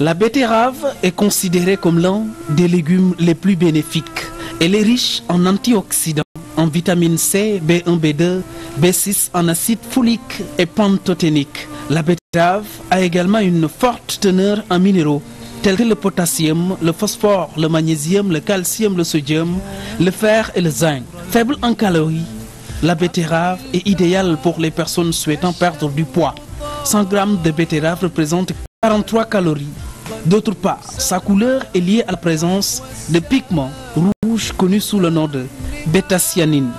La betterave est considérée comme l'un des légumes les plus bénéfiques. Elle est riche en antioxydants, en vitamine C, B1, B2, b en acide folique et pantothénique. La betterave a également une forte teneur en minéraux tels que le potassium, le phosphore, le magnésium, le calcium, le sodium, le fer et le zinc. Faible en calories, la betterave est idéale pour les personnes souhaitant perdre du poids. 100 de betterave représente calories. D'autre part, sa couleur est liée à la présence de pigments rouges connus sous le nom de bétacyanine.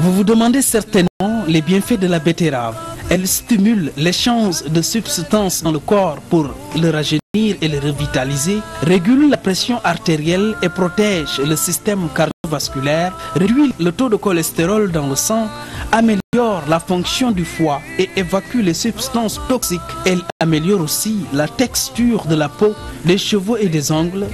Vous vous demandez certainement les bienfaits de la betterave. Elle stimule l'échange de substances dans le corps pour le rajeunir et le revitaliser, régule la pression artérielle et protège le système cardiovasculaires, réduit le taux de cholestérol dans le sang, améliore la fonction du foie et évacue les substances toxiques. Elle améliore aussi la texture de la peau, des cheveux et des ongles,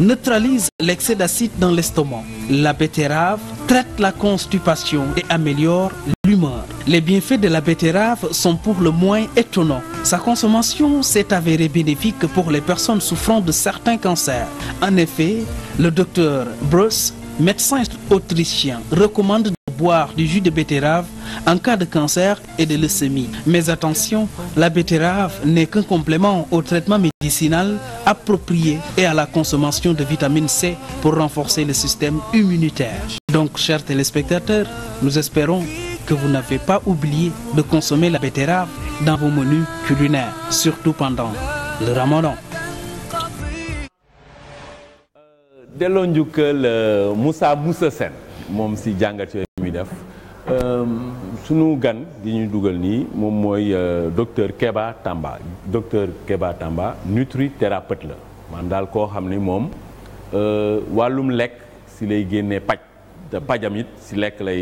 neutralise l'excès d'acide dans l'estomac. La betterave traite la constipation et améliore l'humeur. Les bienfaits de la betterave sont pour le moins étonnants. Sa consommation s'est avérée bénéfique pour les personnes souffrant de certains cancers. En effet, le docteur médecins autrichiens recommandent de boire du jus de betterave en cas de cancer et de leucémie. Mais attention, la betterave n'est qu'un complément au traitement médicinal approprié et à la consommation de vitamine C pour renforcer le système immunitaire. Donc, chers téléspectateurs, nous espérons que vous n'avez pas oublié de consommer la betterave dans vos menus culinaires, surtout pendant le ramadan. delloo njukkal euh, Moussa Moussa Sène moom si jàngat yooyu muy def euh, sunu gan di ñuy dugal nii moom mooy euh, docteur Keba Tamba docteur kebaa Tamba nutrithérapeute la maanaam daal koo xam ni moom wàllum lekk si lay génnee paj te pajam it si lekk lay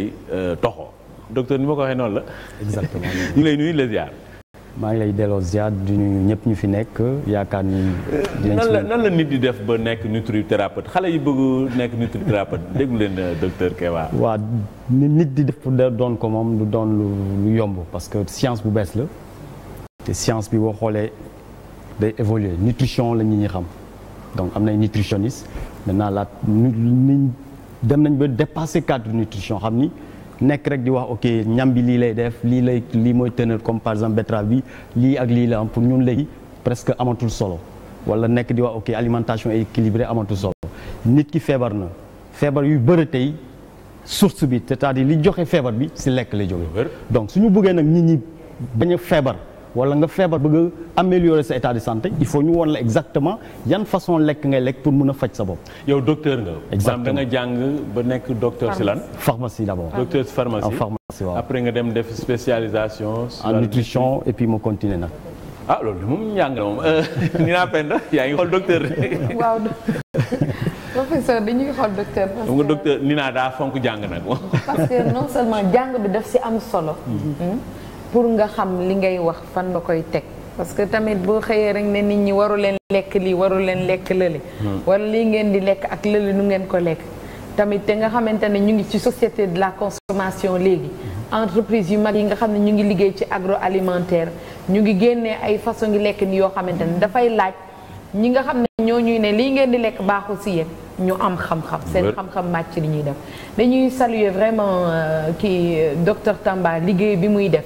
toxoo docteur ni ma ko waxee noonu la. exactement ñu lay nuyu la maa ngi lay delloo ziar du nuyu ñëpp ñu fi nekk yaakaar ni. nan la nan la nit di def ba nekk nutrithérapeute xale yi bëgg nekk nutrithérapeute déglu leen euh, docteur Kewa. waaw nit di def doon ko moom du doon lu yomb parce que science bu bees la te science bi boo xoolee day évoluer nutrition la ñi ñi xam donc am na nay nutritionniste maintenant la dem nañ ba dépasser cadre nutrition xam ni. nekk rek di wax ok ñam bi lii lay def lii lay lii mooy teneur comme par exemple betterave bi lii ak lii la am pour ñun léegi presque amatul solo wala nekk di wax ok alimentation équilibrée amatul solo nit ki feebar na feebar yu bëri tey source bi cest à li joxe feebar bi si lekk lay jóge donc suñu bëggee nag nit ñi bañ a feebar wala nga feebar bëgg améliorer sa état de santé il faut ñu woon la exactement yan façon lekk ngay lekk pour mën a faj sa bopp. yow docteur nga. exemple da nga jàng ba nekk docteur si lan. pharmacie d'abord ah. docteur pharmacie. en ah, pharmacie waaw après nga dem def spécialisation. en nutrition et puis ma continuer nag. ah loolu de moom njàng la moom euh, ni naa penda yaa ngi xool docteur. waaw professeur dañuy xool docteur. parce que docteur ni naa daa fonk jàng nag. parce jàng bi daf si am solo. Mm-hmm. Hmm? pour nga xam li ngay wax fan nga koy teg parce que tamit boo xëyee rek ne nit ñi waru leen lekk lii waru leen lekk lële hmm. wala lii ngeen di lekk ak lële nu ngeen ko lekk tamit te nga xamante ne ñu ngi ci société de la consommation léegi hmm. entreprise yu mag yi nga xam ne ñu ngi liggéey ci agro alimentaire ñu ngi génnee ay façon ngi lekk ni yoo xamante ne dafay laaj ñi nga xam ne ñoo ñuy ne lii ngeen di lekk baaxul si yéen ñu am xam-xam hmm. seen xam-xam màcc li ñuy def dañuy saluer vraiment euh, kii euh, docteur Tamba liggéey bi muy def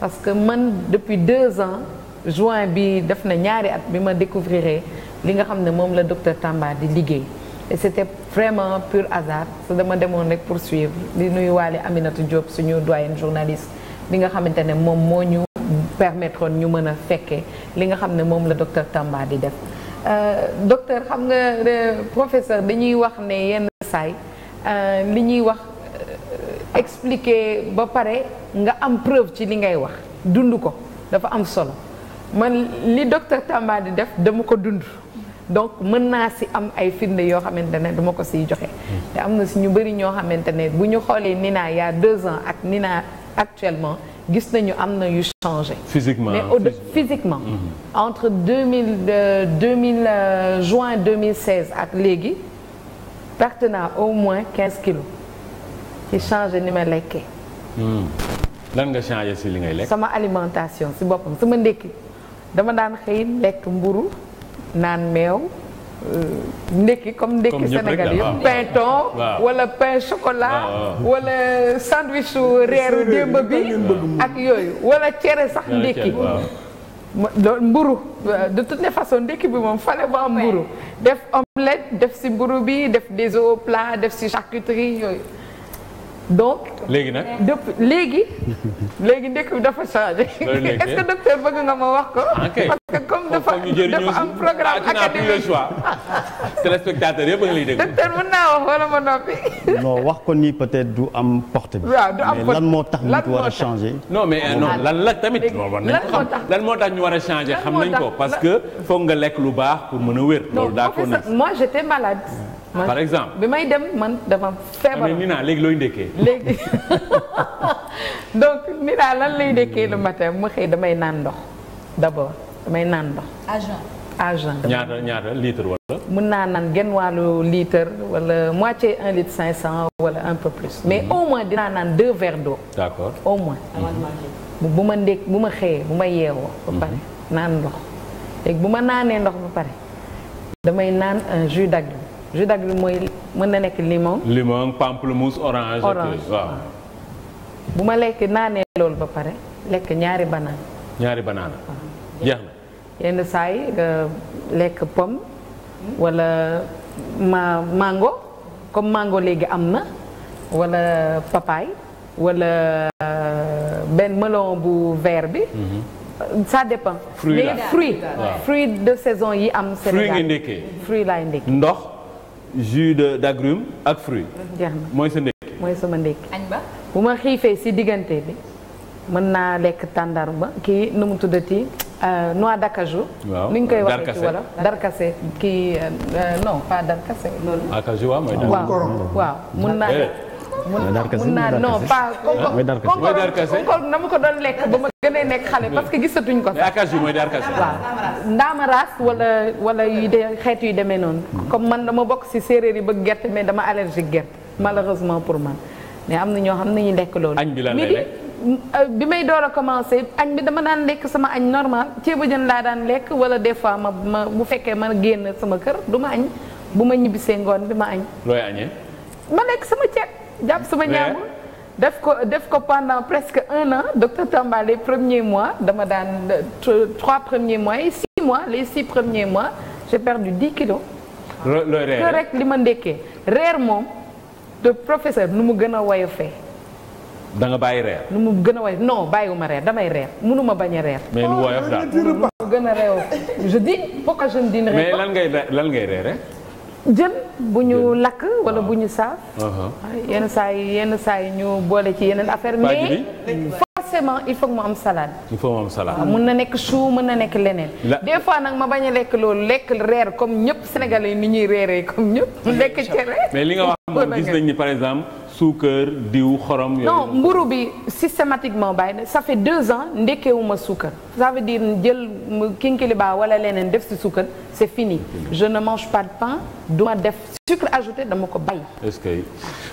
parce que man depuis deux ans juin bi def na ñaari at bi ma découvriree li nga xam ne moom la docteur Tamba di liggéey et c'était vraiment pur hasard su dama demoon rek poursuivre di nuyu waale Aminata Diop suñu doyen journaliste li nga xamante ne moom moo ñu permettre ñu mën a fekkee li nga xam ne moom la docteur Tamba di def euh, docteur xam nga euh, professeur dañuy wax ne yenn saay euh, li ñuy wax expliquer ba pare nga am preuve ci li ngay wax dund ko dafa am solo man li docteur Tamba di def dama ko dund donc mën naa si am ay firnde yoo xamante ne duma ko si joxe. te am na si ñu bëri ñoo xamante ne bu ñu xoolee Nina y a deux ans ak ninaa actuellement gis nañu am na yu changé. physiquement mais au physiquement. Mm entre deux mille euh, deux mille euh, juin deux mille seize ak léegi perte naa au moins quinze kilos. ci changer ni ma lekkee. Hmm. lan nga changer si li ngay lekk. sama alimentation si boppam sama ndékki dama daan xëy lekk mburu naan meew. Euh, ndekki comme ndekki Sénégal wala pain chocolat wala sandwich reeru démb bi ak yooyu wala cere sax ndekki mburu de toutes les façons ndekki bi moom fale ba am mburu def omelette def si mburu bi def des plat def si charcuterie yooyu donc. léegi nag depuis léegi. léegi ndekk bi dafa changé. est-ce que docteur bëgg nga ma wax ko. Ah, parce que comme dafa dafa am programme ah, académique téléspectateur yëpp a ngi lay dégg. docteur mën naa wax wala ma noppi. non wax ko nii peut-être du am porte bi. waaw du mais lan moo tax nit war a changé. non mais euh, non ah, lan la tamit. lan moo tax lan moo tax ñu war a changé xam nañ ko. parce que foog nga lekk lu baax pour mën a wér. loolu daa ko moi j'étais malade. par exemple bi may dem man dama feebar. mais Nina léegi looy ndekkee. léegi donc Nina lan lay ndekkee le matin mu xëy damay naan ndox d'abord damay naan ndox. agent agent. ñaata ñaata litre wala. mën naa naan genn wàllu litre wala moitié un litre cinq cent wala un peu plus. mais mhm. au moins dinaa naan deux verres d'eau. d'accord au moins. bu ma ndékk bu ma xëyee bu ma yeewoo. ba mhm. pare naan ndox léegi bu ma naanee ndox ba pare damay naan un jus d'agrumes mooy mën na nekk limon. limon pamplemousse orange. orange waaw. bu ma lekk naanee loolu ba pare lekk ñaari banaan. ñaari banaan jeex na. yenn saa lekk pomme wala mango comme mango léegi am na wala papaye wala euh, benn melon bu ver bi. Mhm. ça dépend. fruit fruit. de saison yi am. Sénégal fruit laay ndekkee ndox. jus de d'agrumes ak fruits. mooy sa ndékki mooy sama ndékki. añ ba bu ma xiifee si diggante bi mën naa lekk ba kii nu mu tuddati euh, noix d'acajou. waaw nuñ koy waxee ci wala darkase kii euh, euh, non pas darkase loolu. acajou waaw mooy. waaw mun naa. mun naa non pas konkor dama ko doon lekk ba ma gën a nekk xale parce ko sax waaw ndaamaraas wala wala yu de xeet yu demee noonu comme man dama bokk ci séeréer yi bëgg gerte mais dama allergique gerte malheureusement pour man mais am na ñoo xam ne ñu lekk loolu añ bi lan lay euh, bi may door commencé añ bi dama daan lekk sama añ normal ceebu jën laa daan lekk wala des fois ma ma bu fekkee ma génn sama kër du ma añ bu ma ñibbisee ngoon bi ma añ looy añee ma lekk sama ceeb jàpp sama ñaam def ko def ko pendant presque un an docteur Tamba les premiers mois dama daan trois premiers mois six mois les six premiers mois j'ai perdu dix kilos. looy reer rek li ma ndekkee reer moom de professeur nu mu gën a woyofee. da nga bàyyi reer. nu mu gën a woyof non ma reer damay reer mënuma bañ a reer. mais lu woyof daal gën a reew je dis mais lan ngay lan ngay reer jën bu ñu lakk wala bu ñu saaf. Uh-huh. yenn saa yi yenn saa yi ñu boole ci yeneen affaire mais forcément il faut que mu am salade. il faut mu am salade na nekk suu mën na nekk leneen. des fois nag ma bañ a lekk loolu lekk reer comme ñëpp sénégalais yi ni ñuy reeree comme ñëpp. lekk cere mais li nga wax moom gis nañ ni par exemple. suukar diw xorom. yooyu non mburu bi systématiquement bàyyi na ça fait deux ans ndekkeewuma suukar sa veut dire jël kinkiliba wala leneen def si suukar c' est fini je ne mange pas de pain duma def sucre ajouté dama ko bàyyi. est que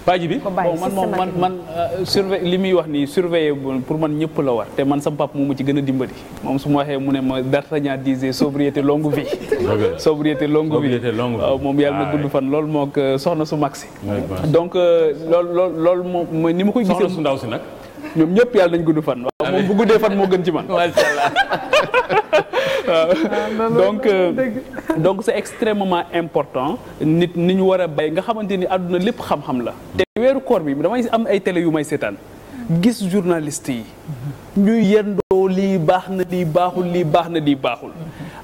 bàyyi bi bon man moom man man euh, surveille li muy wax nii surveiller pour man ñëpp la war te man sa pap moom ma ci gën a dimbali moom su ma waxee mu ne ma D'Artagnan disait sobriété longue vie. sobriété longue vie waaw moom yàlla na ah, gudd fan loolu moo euh, soxna su mag lool loolu moom mooy ni ma koy. gisee su ndaw si nag. ñoom ñëpp yàlla nañ gudd fan. waaw moom bu guddee fan moo gën ci man. macha allah waaw ah, donc euh, donc c'est extrêmement important. nit ni ñu war a bay nga xamante ni àdduna lépp xam-xam la. te weeru koor bi damay am ay télé yu may seetaan. gis journaliste yi. ñuy yendoo lii baax na lii baaxul lii baax na lii baaxul.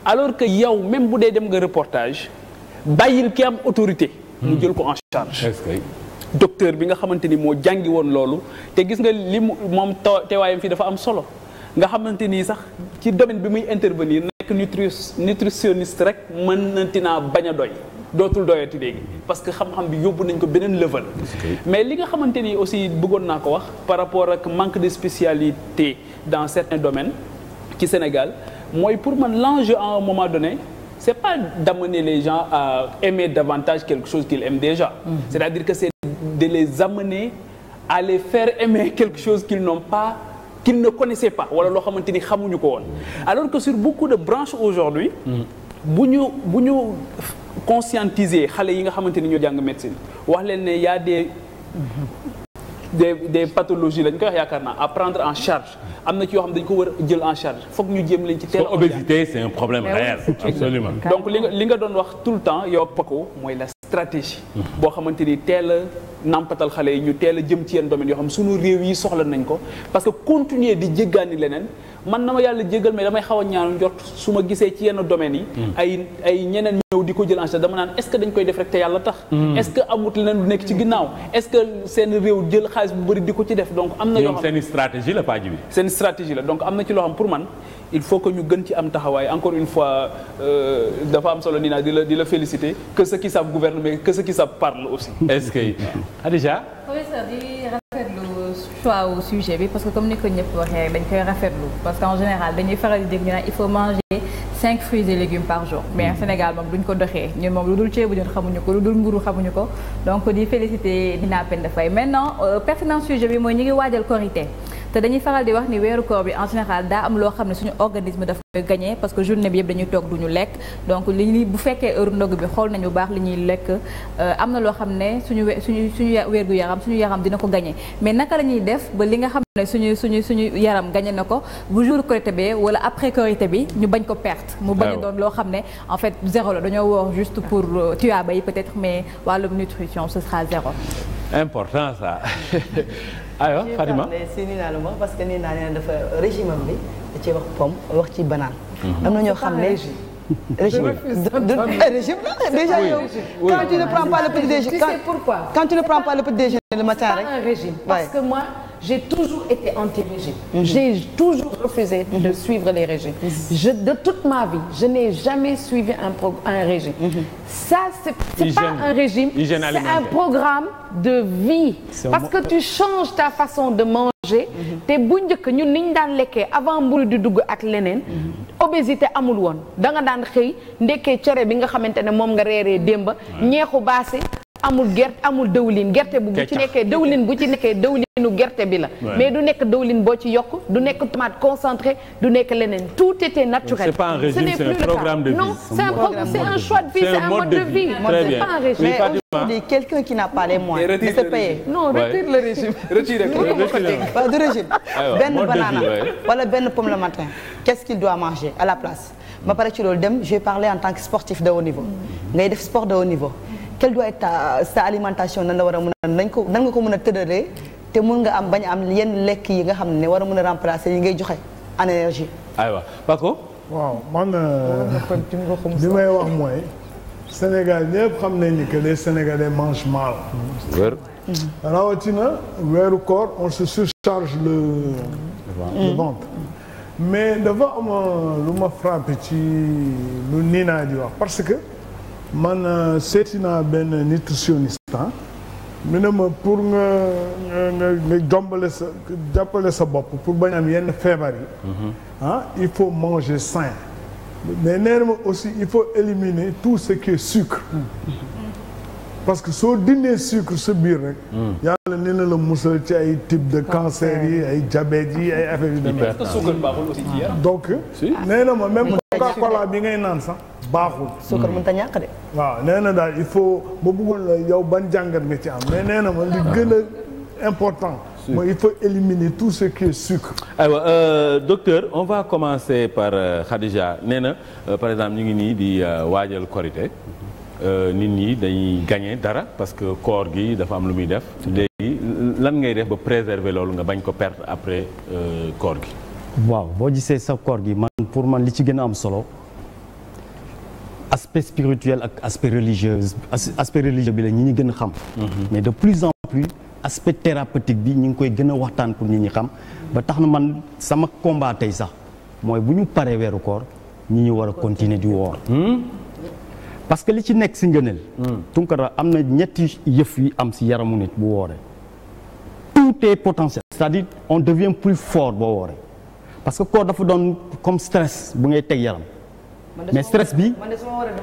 alors que yow même bu dee dem nga reportage bàyyil ki am autorité. mu jël ko en charge. docteur bi nga xamante ni moo jàngi woon loolu te gis nga li mu moom teewaayam fii dafa am solo nga xamante ni sax ci domaine bi muy intervenir nekk nutri nutritionniste rek mën nanti naa bañ a doy dootul doyati léegi parce que xam-xam bi yóbbu nañ ko beneen level. mais li nga xamante ni aussi bëggoon naa ko wax par rapport ak manque de spécialité dans certains domaines ci Sénégal mooy pour man l'enjeu en un moment donné c'est pas d'amener les gens à aimer davantage quelque chose qu'ils aiment déjà. Mmh. C'est-à-dire que c'est de les amener à les faire aimer quelque chose qu'ils n'ont pas, qu'ils ne connaissaient pas wala loo xamante ni xamuñu ko woon. Alors que sur beaucoup de branches aujourd'hui mhm. bu ñu bu ñu conscientiser xale yi nga xamante ni ñoo jàng médecine wax leen ne y a des mhm. de des pathologies lañ koy wax yaakaar naa à prendre en charge am na ci yoo xam dañ ko war jël en charge foog ñu jëm leen ci teel obésité c'est un problème réel absolument donc li nga li nga doon wax tout le temps yow pako mooy la stratégie mhm. boo xamante ni teel a nampatal xale yi ñu teel a jëm ci yenn domaines yoo xam sunu réew yi soxla nañ ko parce que continuer di jéggaani leneen man na ma yàlla jégal mais damay xaw a ñaanu njort su ma gisee ci yenn domaines yi. Hmm. ay ñeneen ñëw di ko jël en dama naan est-ce que dañ koy def rek te yàlla tax. Hmm. est-ce que amut leneen lu nekk ci ginnaaw est-ce que seen réew jël xaalis bu bëri di ko ci def donc. am na yoo xam seen stratégie la bi. seen stratégie la am na ci loo xam pour man. il faut que ñu gën ci am taxawaay encore une fois euh, dafa am solo Nina di la di la féliciter que ceux qui savent gouverner mais que ceux qui savent parlent aussi. est-ce que Khadija. professeur choix wu sujet bi parce que comme ni ko ñëpp waxee rek dañ koy rafetlu parce que en général dañuy faral di dégg ñu naan il faut manger cinq fruits et légumes par jour mais mm. Sénégal moom duñ ko doxee ñu moom lu dul ceebu ñun xamuñu ko lu dul mburu xamuñu ko donc di féliciter Nina Penda Faye maintenant euh, pertinence sujet bi mooy ñu ngi waajal Korité te dañuy faral di wax ni weeru koor bi en général daa am loo xam ne suñu organisme daf koy gagné parce que journée bi yëpp dañuy toog duñu lekk donc li ñuy bu fekkee heure ndog bi xool nañu bu baax li ñuy lekk euh, am na loo xam ne suñu suñu suñu wérgu yaram suñu yaram dina ko gagné mais naka la def ba li nga xam ne suñu suñu suñu yaram gagné na ko bu jour Korité bi wala après Korité bi ñu bañ ko perte mu bañ a doon loo xam ne en fait zéro la dañoo woor juste pour euh, tuyaaba yi peut-être mais wàllum nutrition ce sera zéro important aywa Fatima si parce que nii naa ne dafa régime bi wax pomme wax mhm. na ñoo xam ne régime régime la déjà yow quand tu ne prends pas le petit déjeuner tu sais le petit déjeuner parce que moi j'ai toujours été anti-régime mhm. j'ai toujours refusé de mhm. suivre les régimes je de toute ma vie je n'ai jamais suivi un régime c'est pas un régime c'est un programme de vie. parce que tu changes ta façon de manger. Mhm. te bu njëkk ñun ni daan lekkee avant mburu di dugg ak leneen. Mhm. obésité amul woon da nga daan xëy ndekkee cere bi nga xamante ne moom nga reeree démba ñeexu baase amul gerte amul dëwlin gerte bu bu ci nekkee dëwlin bu ci nekkee u gerte bi la mais du nekk dëwlin boo ci yokk du nekk tomate concentré du nekk leneen tout était naturel ce n'est plus le cas non un choix de vie c'est un mode de vie c'est pas quelqu'un qui n'a pas les moyens de se payer non retire le régime ah benn banana wala benn pomme le matin qu'est-ce qu'il doit manger à la place ma pare ci loolu dem je vais parler en tant que sportif de haut niveau ngay def de haut niveau quelle doit être ta sa alimentation na la war a mën a nañ ko nan nga ko mën a tëralee te mën nga am bañ a am yenn lekk yi nga xam ne war a mun a remplacer yi ngay joxe en énergie. aywa Paco. waaw man euh, li may wax mooy. Sénégal ñëpp xam nañ ni que les Sénégalais mangent mal. Mm-hmm. rawatina weeru koor on se surcharge le. Mm-hmm. mais dafa am euh, lu ma frappé ci lu Nina wax parce que. man euh, seeti naa benn nutritionniste ah. mu ne ma pour nga nga nga jombale sa jàppale sa bopp pour bañ am yenn feebar yi mhm. ah, il faut manger sain mais nee na ma aussi il faut éliminer tout ce qui est sucre mhm. parce que soo dinee sucre sa biir rek. yàlla nee na la musal ci ay type de cancer yi ay diabète yi ay affaire yu demee. suukar baaxul donc nee na ma même coca cola bi ngay naan sax baaxul. suukar mënut a ñàkk de. waaw nee na daal il faut ma bëggoon la yow ban jàngat nga ci am mais nee na ma li gën a important. mooy il faut éliminer tout ce qui est sucre. aywa euh, docteur on va commencer par euh, Khadija nee na euh, par exemple ñu ngi nii di euh, waajal korité Euh, nit ñi dañuy gagné dara parce que koor gi dafa am lu muy def léegi lan ngay def ba préserver loolu nga bañ ko perte après koor euh, gi waaw boo gisee sa koor gi man pour man li ci gën a am solo aspect spirituel ak aspect religieux aspect religieux bi la ñi ñu gën a xam mhm. mais de plus en plus aspect thérapeutique bi ñu ngi koy gën a waxtaan pour ñu ñi xam ba tax na man sama combat sax mooy bu ñu paree weeru koor ñi ñu war a continuer di woor hmm? parce que li ci nekk si ngëneel. Hmm. Tunkara am na ñetti yëf yi am si yaramu nit bu wooree. tout est potentiel. c'est-à-dire on devient plus fort boo wooree parce que koor dafa doon comme stress bu ngay teg yaram. mais stress bi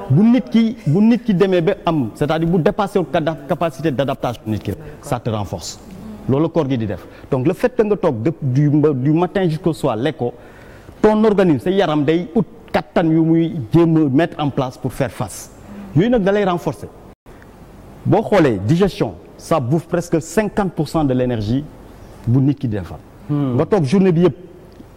bu nit ki bu nit ki demee ba am c'est-à-dire bu dépasser capacité d'adaptation nit ki ça te renforce. loolu koor gi di def donc le fait que nga toog depuis du du matin jusqu'au soir lekkoo ton organisme sa yaram day ut kattan yu muy jéem en place pour faire face. yooyu nag da lay renforcer boo xoolee digestion sa bouffe presque cinquante pour cent de l' bu nit ki defar. Hmm. nga toog journée bi yëpp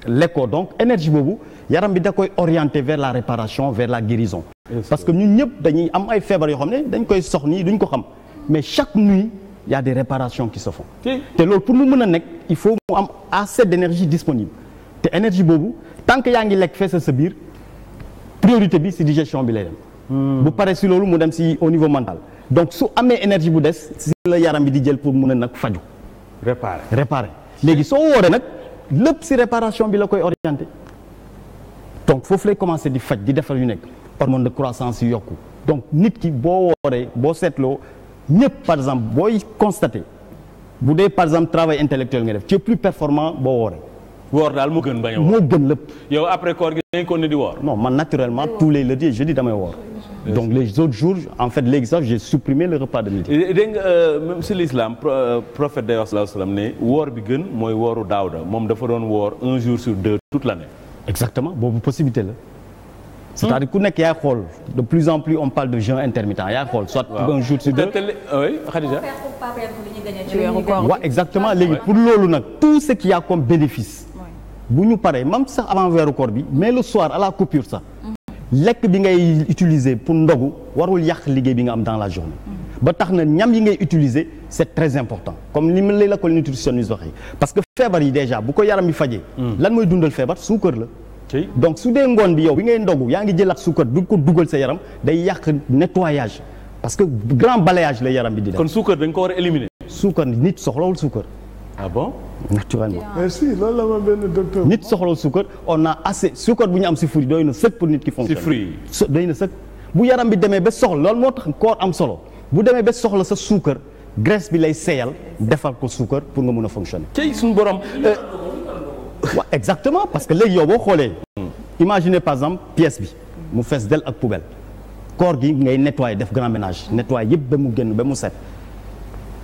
lekkoo donc énergie boobu yaram bi da koy orienté vers la réparation vers la guérison. parce que ñun ñëpp dañuy am ay feebar yoo xam ne dañ koy sox nii duñ ko xam mais chaque nuit y de réparation réparations qui se font. te loolu pour mu mën a nekk il faut mu am assez d' énergie disponible te énergie boobu tant que yaa ngi lekk fees sa biir priorité bi si digestion bi lay dem. Hmm. bu paree si loolu mu dem si au niveau mental donc su amee énergie bu des si la yaram bi di jël pour mun a nag faju réparer réparer léegi soo wooree nag lépp si réparation bi la koy orienté donc foofu lay commencé di faj di defar yu nekk hormone de croissance yu yokku donc nit ki boo wooree boo seetloo ñëpp par exemple booy constaté bu dee par exemple travail intellectuel nga def tu es plus performant boo wooree. woor daal moo gën bañ a woor moo gën lépp. yow après donc les autres jours en fait léegi sax j'ai supprimé le repas de midi. Eh, dégg euh, si l'islam euh, prophète day wax sallallahu alayhi bi gën mooy wooru Daawda moom dafa doon woor un jour sur deux toute l'année. exactement boobu possibilité la. c'est-à-dire hmm? ku nekk yaay xool de plus en plus on parle de jeûne intermittent yaay xool soit un jour sur deux ah oui exactement léegi pour loolu nag tout ce qu'il y comme bénéfice bu ñu paree même sax avant weeru koor bi mais le soir la coupure sax hmm. lekk bi ngay utiliser pour ndogu warul yàq liggéey bi nga am dans la journée ba tax na ñam yi ngay utiliser c'est très important comme li ma lay la ko nutritionniste waxee parce que feebar yi déjà bu ko yaram bi fajee hmm. lan mooy dundal feebar suukar la donc su dee ngoon bi yow bi ngay ndogu yaa ngi jëlaat suukar du ko dugal sa yaram day yàq nettoyage parce que grand balayage la yaram bi di def kon suukar dañ ko war a éliminer suukar nit soxlawul suukar ah bon naturellement merci loolu la ma benn nit soxla suukar on a assez suukar bu ñu am si fruit doy na sëkk pour nit ki fonctionne si fruit doy na sëkk bu yaram bi demee ba soxla loolu moo tax koor am solo bu demee ba soxla sa suukar graisse bi lay seyal defal ko suukar pour nga mun a fonctionner. tey suñ borom. Euh, waaw exactement parce que léegi yow boo xoolee. imaginez par exemple pièce bi mu fees del ak poubelle koor gi ngay nettoyer def grand ménage nettoyer yëpp ba mu génn ba mu set.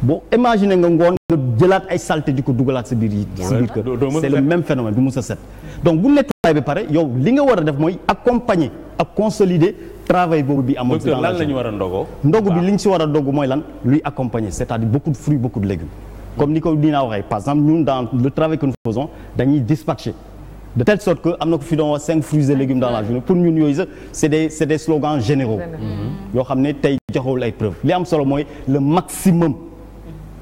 boo imaginer nga ngoon nga jëlaat ay saleté di ko dugalaat sa biir yi sa biir kër c'est le même phénomène du mos a set donc bu nettoyé bi pare yow li nga war a def mooy accompagner ak consolider travail boobu bi amoon si lan war a ndogoo ndogu bi li ñu si war a dogu mooy lan luy accompagner cest à ko dinaa waxee par exemple ñun dans le travail que nous faisons dañuy dispatcher que am na ko cinq fruits et légumes dans pour ñun yooyu sax c'est des xam ne tey joxewul ay preuves li am solo mooy le maximum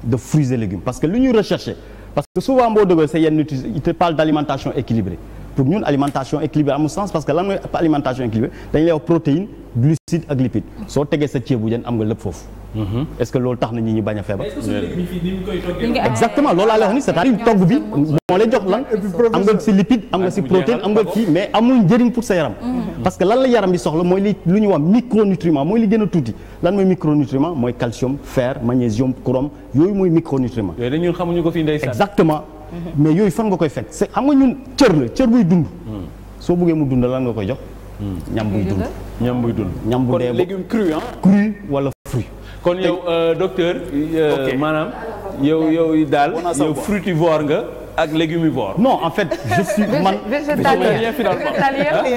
de fruits et légumes parce que lu ñuy rechercher parce que souvent boo déggee c'est yenn nutrition il parle d'alimentation équilibrée pour ñun alimentation équilibrée amul sens parce que lan mooy alimentation équilibrée dañu lay wax protéine glucide ak lipide soo tegee sa ceebu jën am nga lépp foofu. Mm-hmm. est-ce que loolu tax na ñi ñu bañ a feebar. exactement loolu laa lay wax ni cest à togg bi moo lay jox lan am nga si lipide am nga si protéine am nga kii mais amul njëriñ pour sa yaram. Mm-hmm. parce que lan la yaram bi soxla mooy li lu ñu wax micronutriment mooy li gën a tuuti lan mooy micronutriment yooyu mooy micronutriment. yooyu dañu ko fi mais yooyu fan nga koy fekk c'est xam nga ñun cër la cër buy dund. soo bëggee mu dund lan nga koy jox. ñam buy dund ñam buy dund. ñam bu dee kon légume cru ah. cru wala fruit. kon yow euh, docteur. Euh, maanaam yow yow daal yow fruitivore nga. ak légumivore. non en fait je man. végétalien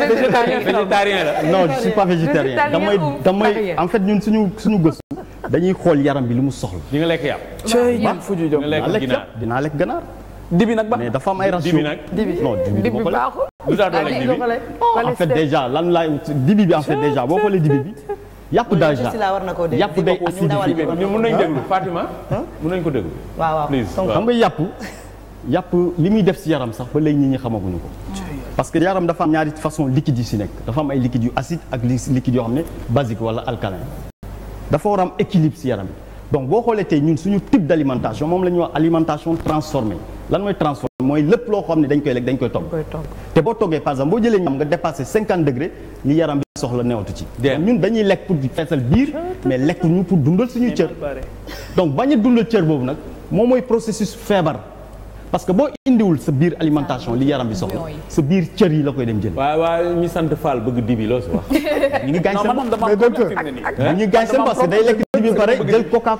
végétalien la. non je suis pas végétarien damay damay en fait ñun suñu suñu gëstu. dañuy xool yaram bi lu mu soxla. li nga lekk yàpp. cëy yàpp fu dinaa lekk ginaar dinaa lekk ganaar. dibi nag baax mais dafa am ay ratio dibi nag non dibi baaxul. lu oh, déjà lan laay dibi bi en fait déjà boo xoolee dibi bi. yàpp déjà yàpp day acidifié mën nañ déglu Fatima mën nañ ko déglu waaw waaw xam nga yàpp yàpp li muy def ci yaram sax ba léegi nit ñi xamaguñu ko parce que yaram dafa am ñaari façon liquide yi ci nekk dafa am ay liquide yu acide ak liquide yoo xam ne basique wala alcalin dafa war am équilibre ci yaram bi donc boo xoolee tey ñun suñu type d'alimentation moom la ñuy wax alimentation transformée lan mooy transformer mooy lépp loo xam ne dañ koy lekk dañ koy togg te boo toggee par exemple boo jëlee ñam nga dépassé cinquante degré li yaram bi soxla newatu ci ñun dañuy lekk pour feesal biir ah, mais lekk ñu pour dundal suñu cër donc bañ a dundal cër boobu nag moom mooy processus feebar parce que boo indiwul sa biir alimentation li yaram bi ah, soxla sa biir cër yi la koy dem jël waaw waaw ñu sant Fall bëgg dibi loo si wax ñu ngi gaañ seen bopp ñu ngi gaañ seen bopp parce que day lekk dibi pare jël coca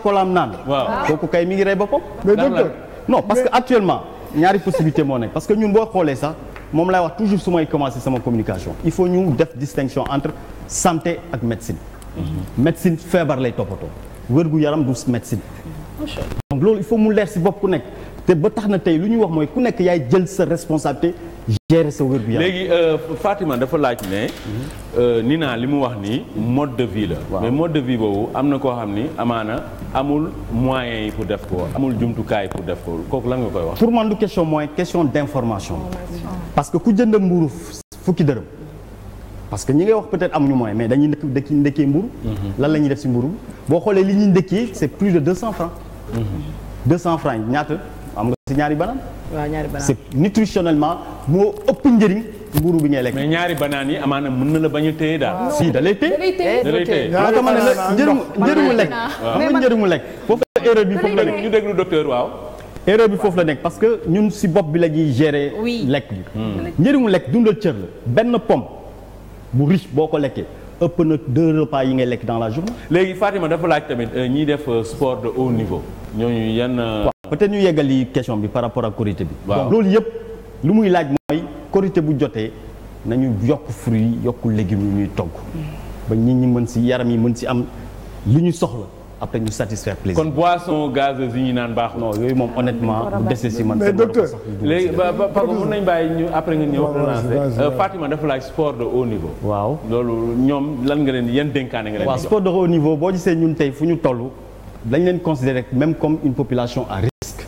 non parce que actuellement ñaari possibilité moo nekk parce que ñun boo xoolee sax moom laay wax toujours su may commencer sama communication il faut ñu def distinction entre santé ak médecine mhm. médecine feebar lay toppatoo wérgu yaram du médecine donc loolu il faut mu leer si bopp ku nekk te ba tax na tey lu ñuy wax mooy ku nekk yaay jël sa responsabilité gérer sa wér gu yaram léegi euh, Fatima dafa laaj ne. Euh, ni naa li mu wax nii mode de vie la. mais mode de vie boobu am na koo xam ni amaana amul moyens yi pour def ko amul jumtukaay pour def ko kooku lan nga koy wax. pour man du question mooy question d'information. parce que ku jënd mburu fukki dërëm. parce que ñi ngay wax peut-être amuñu moyen mais dañuy ndëkk ndëkkee mburu mhm. lan la ñuy def si mburu boo xoolee li ñuy ndëkkee c'est plus de 200 francs. Mhm. francs ñaata am nga ñaari banaan. waaw ñaari banaan moo ëpp njëriñ mburu bi ñuy lekk. mais ñaari banaan yi amaana mën na la bañ a téye daal. Ah, si da lay téye da lay téye da lay man la njëriñu njëriñu lekk. waaw xam nga njëriñu lekk. foofu la erreur bi foofu la nekk ñu déglu docteur waaw. erreur bi foofu la nekk parce que ñun si bopp bi la ñuy gérer. lekk bi hmm. njëriñu lekk dundal cër la benn pomme bu riche boo ko lekkee. ëpp na deux repas yi ngay lekk dans la journée. léegi Fatima dafa laaj tamit euh, ñiy def euh, sport de haut niveau. ñooñu yan. Euh, peut-être ñu yeggali question bi par rapport ak korité bi. waaw loolu yëpp. lu muy laaj mooy korité bu jotee nañu yokk fruits yokk légumes yu ñuy togg ba nit ñi mën si yaram yi mën si am li ñu soxla après ñu satisfaire plaisir. kon boisson gazeuse yi ñu naan baaxul. non yooyu moom honnêtement bu dese si man. mais docteur léegi ba parce que nañu bàyyi ñu après nga ñëw relancer. Euh, Fatima dafa laaj sport de haut niveau. waaw loolu ñoom lan nga leen di yan dénkaane nga leen waaw sport de haut niveau boo gisee ñun tey fu ñu toll dañ leen considérer même comme une population à risque.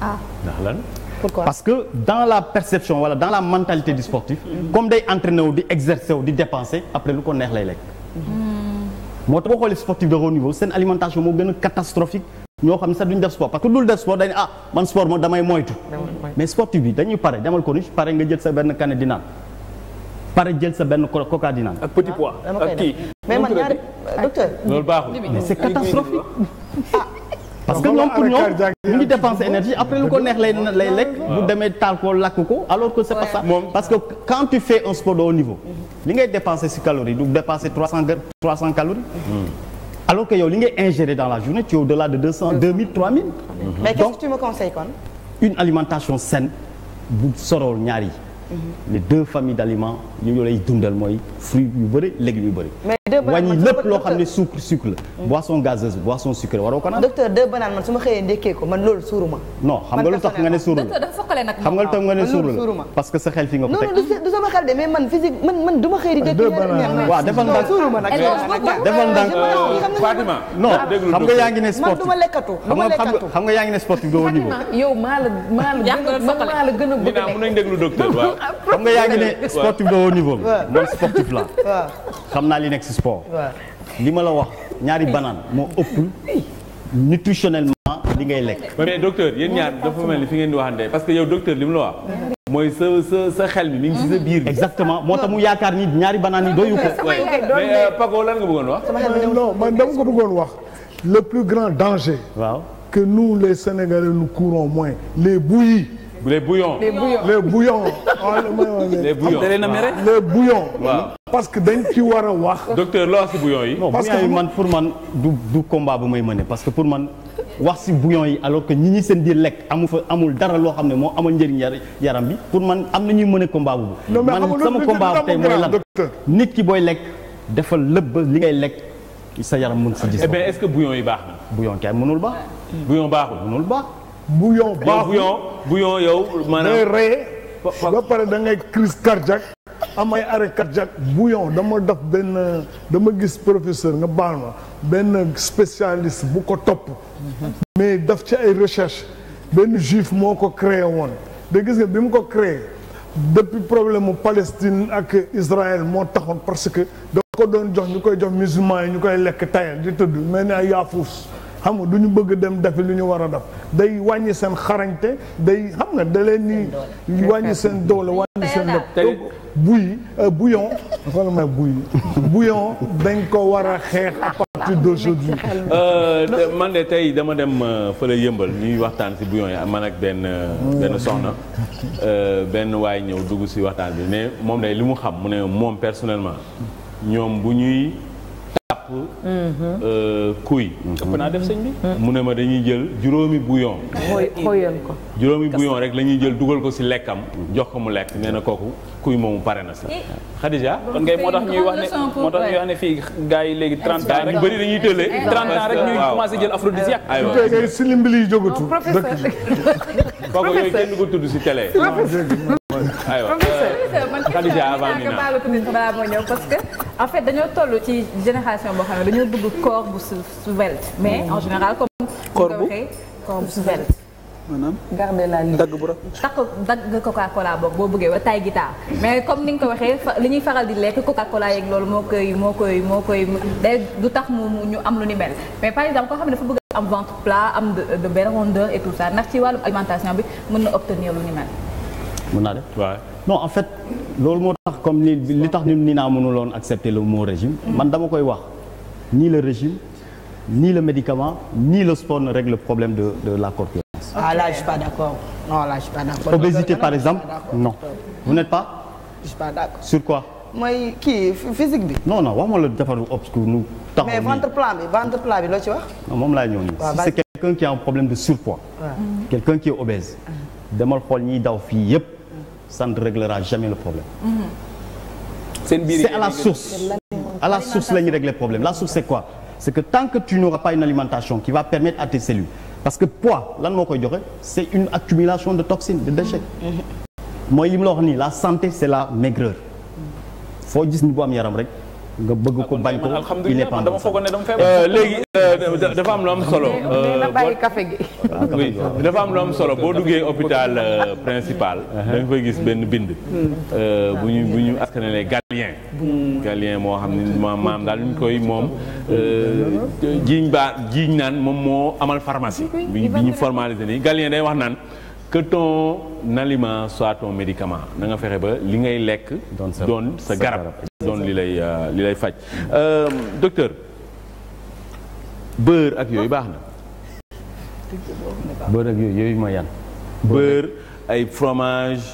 ah ndax pourquoi parce que dans la perception wala dans la mentalité du sportif. comme day entraîné wu di exercer wu di dépenser après lu ko neex lay lekk. Hmm. moo tax boo xoolee sportif de haut niveau seen alimentation moo gën a catastrophique ñoo xam ne sax duñ def sport parce que lu def sport dañ ah man sport moom damay moytu. mais sportif bi dañuy pare demal ko ni pare nga jël sa benn canne di naan pare jël sa benn coca di naan. ak petit pois ah, ak euh, baaxul catastrophique. Ah, parce que ñoom pour ñoom mu ngi dépenser énergie après lu ko neex lay lay lekk. bu demee taal alors que c'est pas ça. parce que quand tu fais un sport de haut niveau. li ngay dépenser ci calories du dépenser trois cent hmm. alors que yow li ngay ingérer dans la journée tu es au-delà de deux cent deux mille trois mille. mais une alimentation saine bu sorool ñaar yi. les deux familles d' aliments ñoo lay dundal mooy fruit yu bëri légumes yu bëri. wàññi lépp loo xam ne sucre sucre la. Hmm. boisson gazeuse boisson sucrée waroo ko naan. docteur deux bananes man su ma xëyee ndekkee ko man loolu suuru ma. non xam nga lu tax nga ne suuru la docteur parce que sa xel fi nga ko non non du sama xel de mais man physique man xëy di dëkk. deux bananes non xam nga yaa ngi ne sportif man du ma lekkatu. du ma lekkatu nga yaa ngi ne sportif doo yow maa la maa la gën a bëgg a lekk. xam nga yaa ngi ne sportif de haut niveau. man sportif la xam naa li nekk si sport. li ma la wax ñaari banaan moo ëpp nutritionnellement li ngay lekk. mais docteur yéen ñaar dafa mel ni fi ngeen di waxante parce que yow docteur li mu la wax. mooy sa sa sa xel mi mi ngi ci sa biir. exactement moo tax mu yaakaar ni ñaari banaan yi doyu ko. mais euh, Paco lan nga bëggoon wax. non man dama ko bëggoon wax. le plus grand danger. waaw que nous les Sénégalais nous courons moins les bouillies. les bouillons les bouillons les bouillons. Ah, les bouillons ah. les parce que dañ ci war a wax. docteur loo wax si bouillon yi. parce que man pour man du du combat bu may mëne parce que pour man wax si bouillon yi alors que ñi ñi seen di lekk amu amul dara loo xam ne moo amal njëriñ yaram bi pour man am na ñuy mën a combat boobu. man sama combat tey mooy lan nit ki booy lekk dafa lëbb li ngay lekk sa yaram mun si gis. eh bien est-ce que bouillon yi baax na. bouillon kay mënul baax. bouillon baaxul mënul baax. bouillon baaxul bouillon bouillon yow. maanaam day rey ba pare da ngay crise cardiaque am ay arrêt cardiaque bouillon dama daf benn dama gis professeur nga baal ma benn spécialiste bu ko topp. mais daf ci ay recherche benn juif moo ko créé woon da gis nga bi mu ko créer depuis problème mu Palestine ak Israël moo taxoon parce que da ko doon jox ñu koy jox musulman yi ñu koy lekk tayal di tëdd mel ni ay yaafuus. xam nga du ñu bëgg dem defi lu ñu war a def day wàññi seen xarañte day xam nga da leen ni wàññi seen doole wàññi seen lépp buy euh, bouillon xoolal ma buy bouillon dañ ko war a xeex à partir d'aujourd'hui euh, man de tey dama dem euh, fële yëmbal ñuy waxtaan si bouillon yi man ak benn benn soxna benn waay ñëw dugg si waxtaan bi mais moom day li mu xam mu ne moom personnellement ñoom bu ñuy tàpp euh, kuy ëpp naa def mu ne ma dañuy jël juróomi bouillon xooyoon ko juróomi bouillon rek la ñuy jël dugal ko si lekkam jox ko mu lekk nee na kooku kuy moomu pare na sax eh. Khadija kon ngay moo tax ñuy wax ne moo tax ñuy fii gars yi léegi 30 ans rek ñu bëri dañuy tële 30 eh, ans rek ñuy commencé jël aphrodisiaque aywa silim bi liy jógatu dëkk kooku yooyu kenn du ko tudd si télé aywa Khadija avant ni naa en fait dañoo toll ci génération boo xam ne dañoo bëgg corps bu svelte mais en général comme. corps bu corps bu svelte maanaam garder la dagg bu rafet. takk dagg coca cola boobu boo bëggee ba tay guitare mais comme ni nga ko waxee li ñuy faral di lekk coca cola yeeg loolu moo koy moo koy moo koy day du tax mu ñu am lu ni mais par exemple koo xam ne dafa bëgg am ventre plat am de de belle et tout ça ndax ci wàllu alimentation bi mën na obtenir lu ni naa de waaw. non en fait loolu moo tax comme ni li tax ni naa mënuloon accepter le mot régime man dama koy wax ni le régime ni le médicament ni le sport ne règle le problème de de la corpulence. Okay. ah obésité par exemple non. vous n'êtes pas. je suis pas d'accord sur quoi. mooy kii physique bi. non non wax ma la defaru obscur nu. taxaw mais ventre plat bi loo ci wax. non moom laa ñëw si c'est quelqu'un qui a un problème de surpoids. Ouais. quelqu'un qui est obèse. demal xool ñiy daw fii yépp ça ne réglera jamais le problème. seen biir c'est à la source. à la source la ñuy régler problème la source c'est quoi c'est que tant que tu n'auras pas une alimentation qui va permettre à tes cellules parce que poids lan moo koy joxe c'est une accumulation de toxines de déchets. Mm-hmm. mooy li mu la wax nii la santé c'est la maigreur. foo gis ni bu am yaram rek. nga bëgg ko bañ ko il est pas euh, léegi euh, dafa am lu am solo. Euh, dafa am lu solo boo duggee hôpital principal. Uh-huh. da koy gis benn bind. Hmm. bu ñu bu ñu askanalee Galien. Hmm. Galien moo xam ne maam daal ñu koy moom jiiñ baa jiiñ naan moom moo amal pharmacie. bi ñu formalisé nii Galien day wax naan. que ton soiton médicament na nga fexe ba li ngay lekk doon sa garab doon li lay euh, li lay faj euh, docteur beurre ak yooyu baax na. beurre ak yooyu yooyu mooy yan. beurre ay fromage.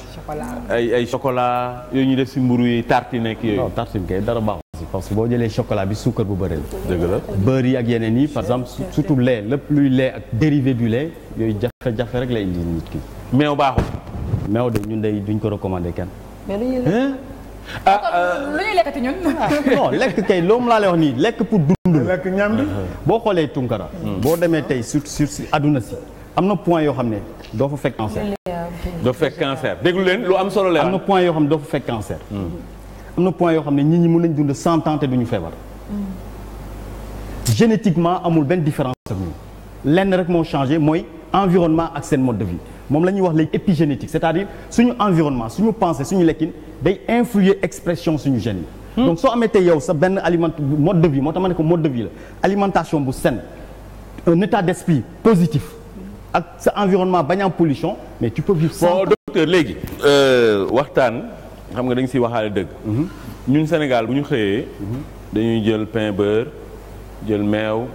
ay ay chocolat yooyu ñu def si mburu yi tartine ak yooyu. non tartine kay dara baaxul si parce que boo jëlee chocolat bi suukar bu bëri la. dëgg la beurre yi ak yeneen yi par exemple surtout lait lépp luy lait ak dérivé du lait yooyu jafe-jafe rek lay indi nit ki. meew baaxul. meew de ñun day duñ ko recommander kenn. ah lu ñuy lekkati ñun. Ah, lekk kay loom laa lay wax nii lekk pour dund. lekk ñam bi ah, ah. boo xoolee Tunkara. Hmm. boo demee tey sur sur si àdduna si am na point yoo xam ne doo fa fekk cancer. doo fekk cancer déglu lu am solo la am na point yoo xam ne doo fa fekk cancer. Hmm. Hmm. na point yoo xam ne nit ñi mën nañ dund cent ans te duñu feebar. génétiquement amul benn différence ak ñun lenn rek moo changé mooy environnement ak seen mode de vie. moom la ñuy wax léegi épigénétique c'est-à-dire suñu environnement suñu pensée suñu lekkin day influer expression suñu gène yi hmm. donc soo amee tey yow sa benn aliment mode de vie moo tax ma ne ko mode de vie la alimentation bu saine un état d'esprit positif ak sa environnement bañ am pollution mais tu peux vivre sans docteur léegi euh, waxtaan xam nga dañ si waxaale dëgg mhm. ñun Sénégal bu ñu xëyee mhm. dañuy jël pain beurre jël meew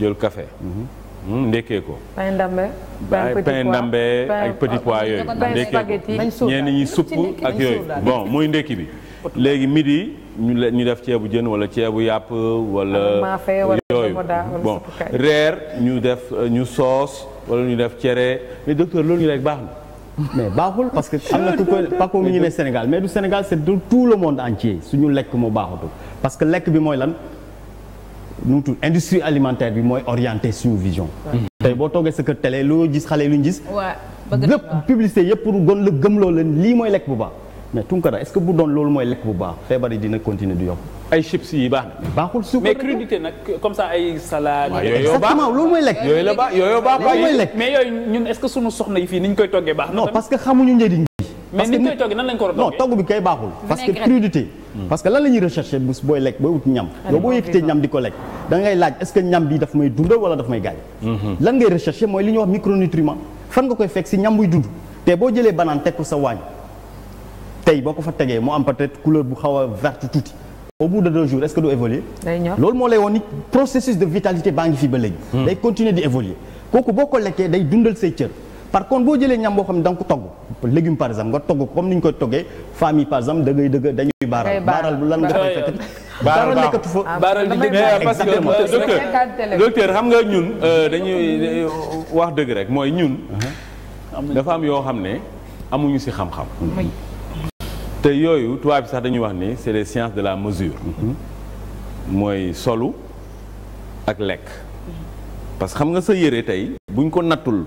jël kafe Hmm, ndekkee ko. pain ndambe. pain ndambe ak petit pois yooyu. ndekkee ko ñenn ñi supp ak yooyu bon mooy ndekki bi. léegi midi ñu ñu def ceebu jën wala ceebu yàpp wala. yooyu bon reer ñu def ñu soos wala ñu def cere mais docteur loolu ñu rek baax na. mais baaxul parce que am na ku ko pako mi ñu ne Sénégal mais du Sénégal c'est de tout le monde entier suñu lekk moo baaxatul parce que lekk bi mooy lan. nu mu tudd industrie alimentaire bi mooy orienté suñu vision. tey boo toogee sa kër télé loo gis xale lu ñu gis. lépp publicité yëpp pour gon la gëmloo leen lii mooy lekk bu baax. mais Tunkara est-ce bu doon loolu mooy lekk bu baax feebar yi dina continuer du yokk. ay chips yi baax na. baaxul suukar mais crudité nag comme ça ay salade. exactement loolu mooy lekk. yooyu la baax yooyu baax. mais yooyu ñun est-ce soxna yi fii ni ñu koy toggee baax. non parce que xamuñu njëriñ. parce que mais ni nan lañ ko non togg bi kay baaxul. parce que crudité. Hmm. parce que lan la ñuy recherché bés booy lekk booy ut ñam. Ah, yow boo yëkkatee ñam di ko lekk da laaj est ce que ñam bi daf may dundal wala daf may gaañ. Hmm. lan ngay recherché mooy li ñuy wax micronutriment fan nga koy fekk si ñam buy dund te boo jëlee banaan teg ko sa waañ tey boo ko fa tegee mu am peut-être couleur bu xaw a verte tuuti. au bout de deux jours est-ce que du évoluer loolu moo ngi fi ba léegi hmm. day continuer di évoluer kooku ko lekkee day dundal say cër par contre boo boo xam ne da nga ko togg légume par exemple nga togg comme ni ñu koy toggee famille par exemple da ngay dëgg dañuy baaral baaral bu lan nga fay baaral nekkatu fa ah, baaral di dégg xam nga ñun euh, dañuy euh, wax dëgg rek mooy ñun dafa am yoo xam ne amuñu si xam te yooyu tubaab bi sax dañuy wax ni c'est les sciences de la mesure mm-hmm. mooy solu ak lekk parce que xam nga sa yére tey buñ ko nattul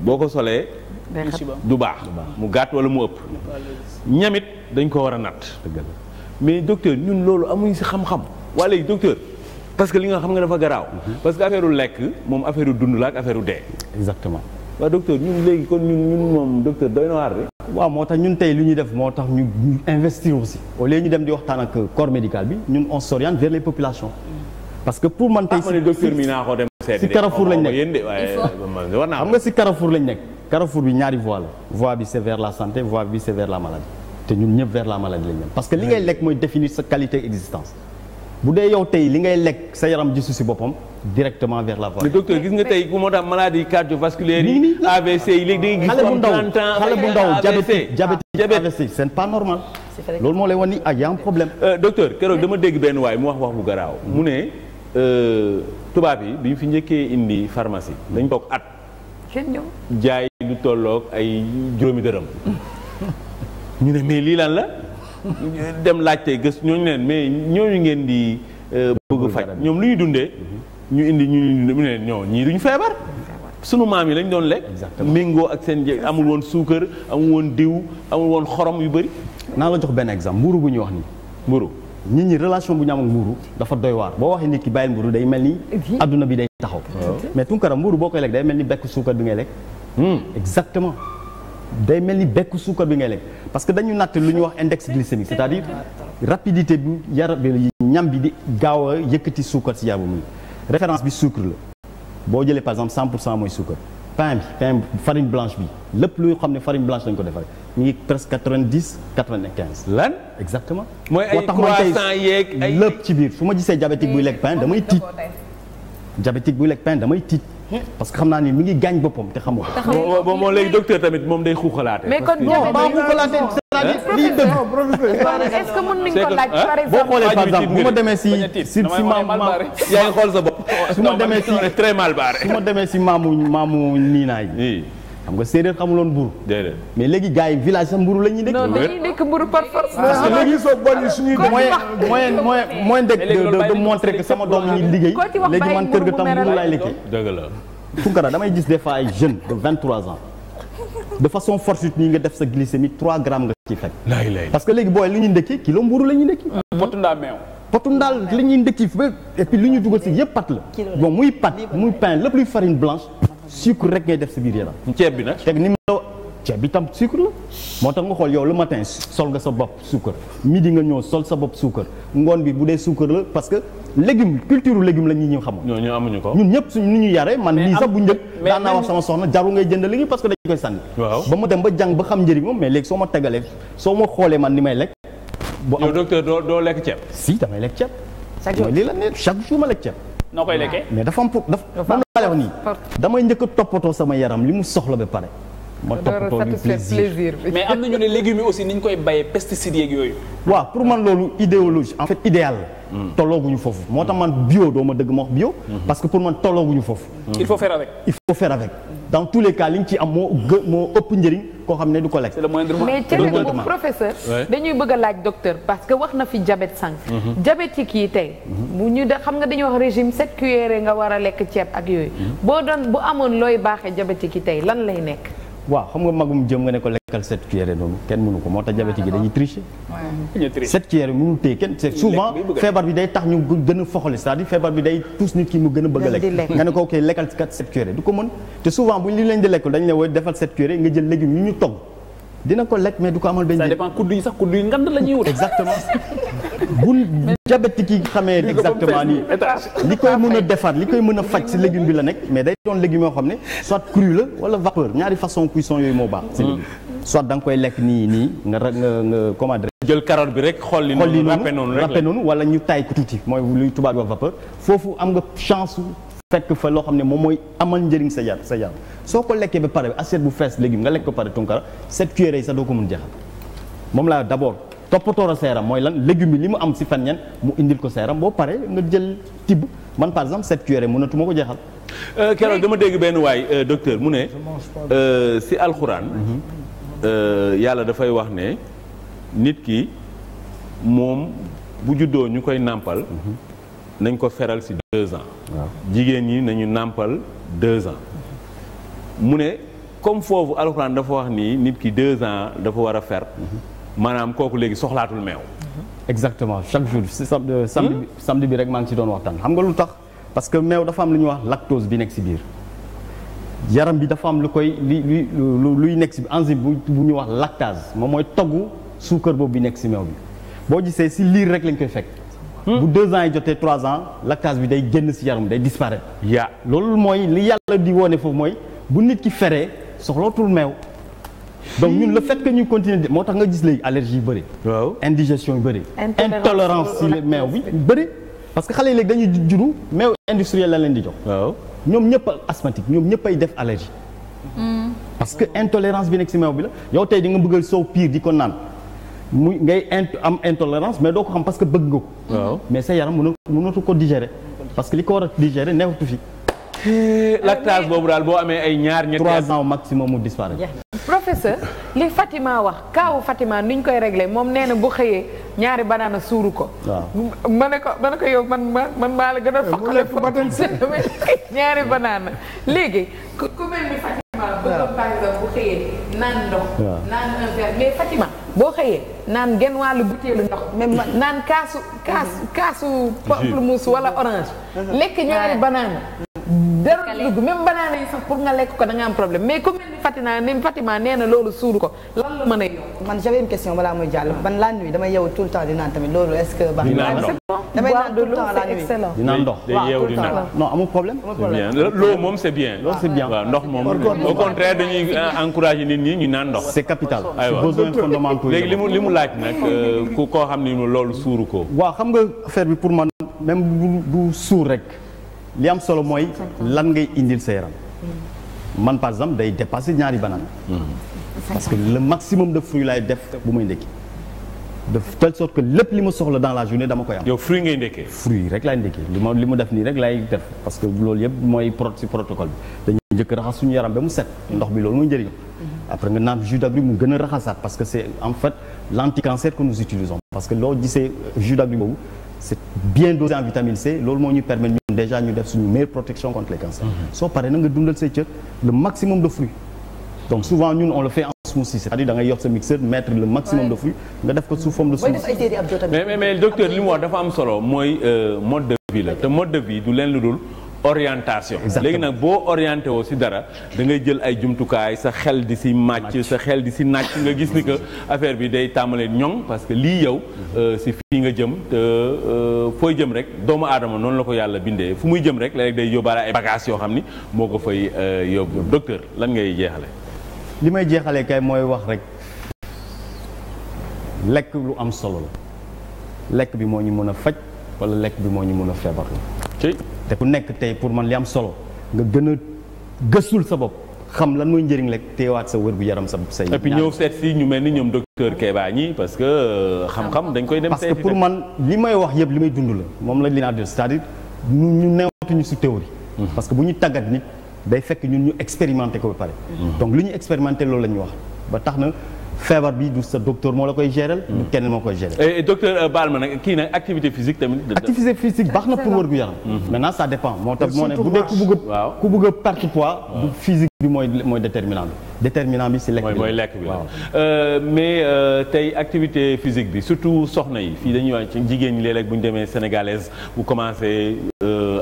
boo ko solee du baax mu gaat wala mu ëpp ñamit dañ ko war a natt mais docteur ñun loolu amuñ si xam-xam waa léegi docteur parce que li nga xam nga dafa garaaw mhm. parce que affaire u lekk moom affaire u dund la ak affaire u dee exactement waaw docteur ñun léegi kon ñun moom docteur doy na waar de waaw moo tax ñun tey li ñuy def moo tax ñu investir aussi au lieu ñu dem di waxtaan ak corps médical bi ñun on s'oriente vers les populations mm. parce que pour man tey ah, si carrefour oh, lañ oh, nekk xam nga si carrefour lañ nekk carrefour bi ñaari voie la voie bi c'est vers la santé voie bi c'est vers la maladie te ñun ñëpp vers la maladie la ñu parce que li ngay lekk mooy définir sa qualité existence bu dee yow tey li ngay lekk sa yaram gisu si boppam directement vers la voie. mais docteur gis nga tey ku moo tax maladie cardiovasculaire yi. AVC yi léegi da ngay gis comme 30 ah, normal. loolu moo lay wan ni ak ah, y a un problème. Euh, docteur keroog dama dégg benn waay mu wax wax garaaw. mu ne euh, tubaab yi bi fi njëkkee indi pharmacie dañ bokk at. jaay lu tollook ay juróomi dërëm ñu ne mais lii lan la dem laajte gës ñooñu leen mais ñooñu ngeen di euh, bëgg faj ñoom lu ñuy dundee ñu indi ñu mu ne ñoo ñii duñu feebar sunu maam yi lañ doon lekk méngoo ak seen jë amul woon suukar amul woon diw amul woon xorom yu bëri naa la jox benn exemple mburu bu ñuy wax nii mburu nit ñi relation bu ñu am ak mburu dafa doy waar boo waxee nit ki bàyyil mburu day mel ni adduna bi day taxaw mais tunkara mburu boo koy lekk day mel ni bekk suukar bi ngay lekk Hmm. exactement day mel ni bekk suukar bi ngay lekk parce que dañu natt lu ñuy wax index glycémique c'est-à-dire rapidité bu yaram bi ñam bi di gaaw a yëkkati suukar si yaram bi référence bi sucre la boo jëlee par exemple 100 cent mooy suukar pain bi pain farine blanche bi lépp luy xam ne farine blanche lañ ko defar ñu ngi presque 90 95. lan exactement. mooy ay croissant yeeg ay lépp ci biir su ma gisee diabétique buy lekk pain damay tiit diabétique buy lekk pain damay tiit. parce que xam naa ni mi ngi gaañ boppam te xamu ko. moom léegi docteur tamit moom day xuuxalaate. mais kon non ba xuuxalaate. boo xoolee par exemple bu ma demee si si si maamu yaa sa bopp. su ma demee si très mal barré. demee si maamu maamu niinaay. xam nga séeréer xamuloon mburu mais léegi gars yi village sax mburu la ñuy dëkk. non mburu par force. parce ah, léegi soo bañ suñuy moyen moyen moyen de de montrer que sama doom ñi liggéey léegi man kër ga tam mburu laay liggéey. dëgg damay gis des fois ay jeunes de 23 ans de façon fortuite nii nga def sa glycémie 3 grammes nga ci fekk. parce que léegi booy li ñuy ndëkki kilo mburu la ñuy ndëkki. Mm-hmm. potu ndaal li ñuy ndëkki ba et ñu dugal yëpp pat la sucre rek ngay def sa biir yaram. ceeb bi nag. teg ni mu la ceeb bi tam sucre la moo tax nga xool yow le matin sol nga sa bopp suukar midi nga ñëw sol sa bopp suukar ngoon bi bu dee suukar la parce que légume culture légume la ñuy ñëw xamoon. ñooñu amuñu ko ñun ñëpp suñu nu ñu yare man lii sax bu njëkk daan sama soxna jaru ngay jënd léegi parce que dañ koy sànni. waaw ba ma dem ba jàng ba xam njëriñ moom mais léegi soo ma tegalee soo ma xoolee man ni may lekk. bu am doo doo lekk ceeb. si damay lekk ceeb. chaque la chaque jour ma lekk ceeb noo koy lekkee mais dafa am dafa am la wax nii damay njëkk toppatoo sama yaram li mu soxla ba pare ma toppatoo bi plaisir mais am nañu ne légumes yi aussi ni ñu koy bayee pesticides yeeg yooyu waaw pour man loolu idéologie en fait idéal tollooguñu foofu moo tax man bio doo ma dëgg ma wax bio mhm. parce que pour man tollooguñu foofu il faut faire avec il faut faire avec dans tous les cas li ci am moo gë moo ëpp njëriñ koo xam ne du ko lekk mais cere boobu professeur dañuy bëgg a laaj docteur parce que wax na fi diabète sànq mhm. diabétique yi tey mhm. bu ñu de xam nga dañuy wax régime sept cuillères nga war a lekk ceeb ak yooyu boo doon bu amoon looy baaxee diabétique yi tey lan lay nekk waaw xam nga magum jëm nga ne ko lekkal sept cuillère noonu kenn mënu ko moo tax diabétique yi dañuy tricher. sept cuillère mënul téye kenn souvent feebar bi day tax ñu gën a foxale cest feebar bi day tous nit ki mu gën a bëgg a lekk nga ne ko ok lekkal kat sept cuillère du ko mën te souvent buñ li lañ di lekkul dañ ne wooy defal sept cuillère nga jël légumes yu ñu togg dina ko lekk mais du ko amal benn njëriñ. sax kuddu yi ngand la ñuy wut. exactement bu diabétique xamee. exactement ni li koy mën a li koy mën a faj si légume bi la nekk mais day doon légume yoo xam ne soit cru la wala vapeur ñaari façon yooyu moo baax. si légume hmm. soit nga koy lekk nii nii nga nga nga comment jël carotte bi rek xolli li ràppe noonu rek la noonu wala ñu taay ko tuuti mooy luy tubaab wax vapeur foofu am nga chance. fekk fa loo xam ne moom mooy amal njëriñ sa yar sa yaram soo ko lekkee ba pare assiette bu fees légume nga lekk ko pare tunkara set cuillère yi sax doo ko mun jeexal moom laa d'abord toppatoo sa yaram mooy lan légume yi li mu am si fan ñen mu indil ko seeram yaram boo pare nga jël tibb man par exemple set cuillère mënatuma ko jeexal. Euh, keroog dama dégg benn waaye euh, docteur mu ne euh, si alxuraan mhm. yàlla dafay wax ne nit ki moom bu juddoo ñu koy nàmpal. Mhm. nañ ko feral ci deux ans jigéen ñi nañu nàmpal deux ans mu ne comme foofu alxuraan dafa wax nii nit ki deux ans dafa war a fer mhm. maanaam kooku léegi soxlaatul meew mhm. exactement chaque jour si euh, hmm? samedi samedi bi rek maa ngi ci doon wax waxtaan xam nga lu tax parce que meew dafa am lu wax lactose bi nekk ci biir yaram bi dafa am lu koy li lu luy nekk ci enzyme bu ñu wax lactase moom mooy togg suukar boobu bi nekk ci meew bi boo gisee ci liir rek lañ koy fekk bu deux ans yi jotee trois ans lactase bi day génn ci yaram day disparaître. yaa loolu mooy li yàlla di wone foofu mooy bu nit ki feree soxlootul meew. donc ñun le fait que ñuy continuer moo tax nga gis léegi allergie yu bëri. waaw indigestion yu bëri. intolérance ci meew bi bëri. parce que xale yi léegi dañuy juru meew industriel la leen di jox. waaw ñoom ñëpp asthmatique ñoom ñëpp ay def allergie. Hmm. parce que intolérance bi nekk ci meew bi la yow tey di nga soow piir muy ngay am intolérance mais doo ko xam parce que bëgg nga ko. mais sa yaram mën mënatu ko digérer. parce que li ko war a digérer neexatu fi. Eh, lactase boobu daal boo amee ay ñaar ñetti. trois ans maximum mu disparaître. professeur li Fatima wax kaawu Fatima ni ñu koy réglé moom nee na bu xëyee ñaari banaana suuru ko. waaw ma ko ma ne ko yow man man maa la gën a. mu lekk ba ñaari banaana léegi ku mel ni Fatima. waaw bëgg par exemple bu xëyee naan ndox. naan boo xëyee naan genn wàllu butéelu ndox. même naan kaasu. kaasu kaasu pamplemousse wala orange. lekk ñaari banaan jarul dugg ko da nga am problème mais ku mel ni Fatima ni Fatima nee na loolu a la nuit damay yeewu tout le temps di naan tamit loolu na damay naan tout le temps la nuit di naan ndox non amul problème. c'est bien moom c'est bien. ndox moom. au contraire dañuy euh, encourager nit ñi ñu naan ndox. c'est capital. aywa besoins fondamentaux léegi li mu li mu laaj nag euh, ku koo xam ni loolu suuru ko. waaw xam nga affaire bi pour man même bu suur rek li am solo mooy lan ngay indil sa yaram mm. man par exemple day dépasser ñaari banaan mm. parce que le maximum de fruits laay def bu may ndekki de telle sorte que lépp li ma soxla dans la journée dama koy am. yow fruit ngay ndekkee. fruit rek laay ndekkee li ma li ma def nii rek laay def parce que loolu yëpp mooy pro si protocole bi dañuy njëkk raxas suñu yaram ba mu set ndox bi loolu mooy njëriñam. Mm-hmm. après nga naan jus d'agrumes mu gën a raxasaat parce que c'est en fait l'anticancer que que loo gisee jus d'agrumes boobu c'est bien dosé en vitamine ñu déjà ñu def suñu meilleure protection contre les cancers. soo paree na nga dundal say cër le maximum de fruits. donc souvent ñun on le fait en smoothie c'est-à-dire da ngay yor sa mixeur mettre le maximum de fruits nga def ko sous forme de smoothie. mais mais docteur li dafa am solo mooy euh, mode de vie la te mode de vie du leen lu dul. orientation léegi nag boo orienté woo si dara da ngay jël ay jumtukaay sa xel di si màcc sa xel di si nàcc nga gis ni que affaire bi day tàmbalee ñoŋ parce que lii yow mhm. euh, si fii nga jëm te euh, fooy jëm rek doomu aadama noonu la ko yàlla bindee fu muy jëm rek léeg day yóbbaale ay bagages yoo xam ni moo ko fay euh, yóbbu docteur lan ngay jeexale li may jeexale kay mooy wax rek lekk lu am solo la lekk bi moo ñu mën a faj wala lekk bi moo ñu mën a feebar la te ku nekk tey pour man li am solo nga gën a gëstul sa bopp xam lan mooy njëriñ rek teewaat sa wër gu yaram sa say et puis ñëw seet si ñu mel ni ñoom docteur Keba ñi parce que euh, xam-xam dañ koy dem parce pour man li may wax yëpp li may dund la moom la li naa dund c'est-à-dire ñu newatuñu si théorie mhm. parce que bu ñu tàggat nit day fekk ñun ñu expérimenté ko ba pare mhm. donc li ñu expérimenté loolu la ñuy wax ba tax na feebar bi du sa docteur moo la koy géral du hmm. kenn moo koy géral et eh, eh, euh, baal ma nag kii nag activité physique tamit. activité physique baax na pour wër gu yaram. Hmm. maintenant moo tax moo ne bu dee ku bëgg a ku bëgg a perte poids. Hmm. du physique bi mooy mooy déterminant bi. déterminant bi si lekk bi mooy lekk bi la euh, mais euh, tey activité physique bi surtout soxna yi fii dañuy wax ci jigéen ñi léeg-léeg bu ñu demee sénégalaise bu commencé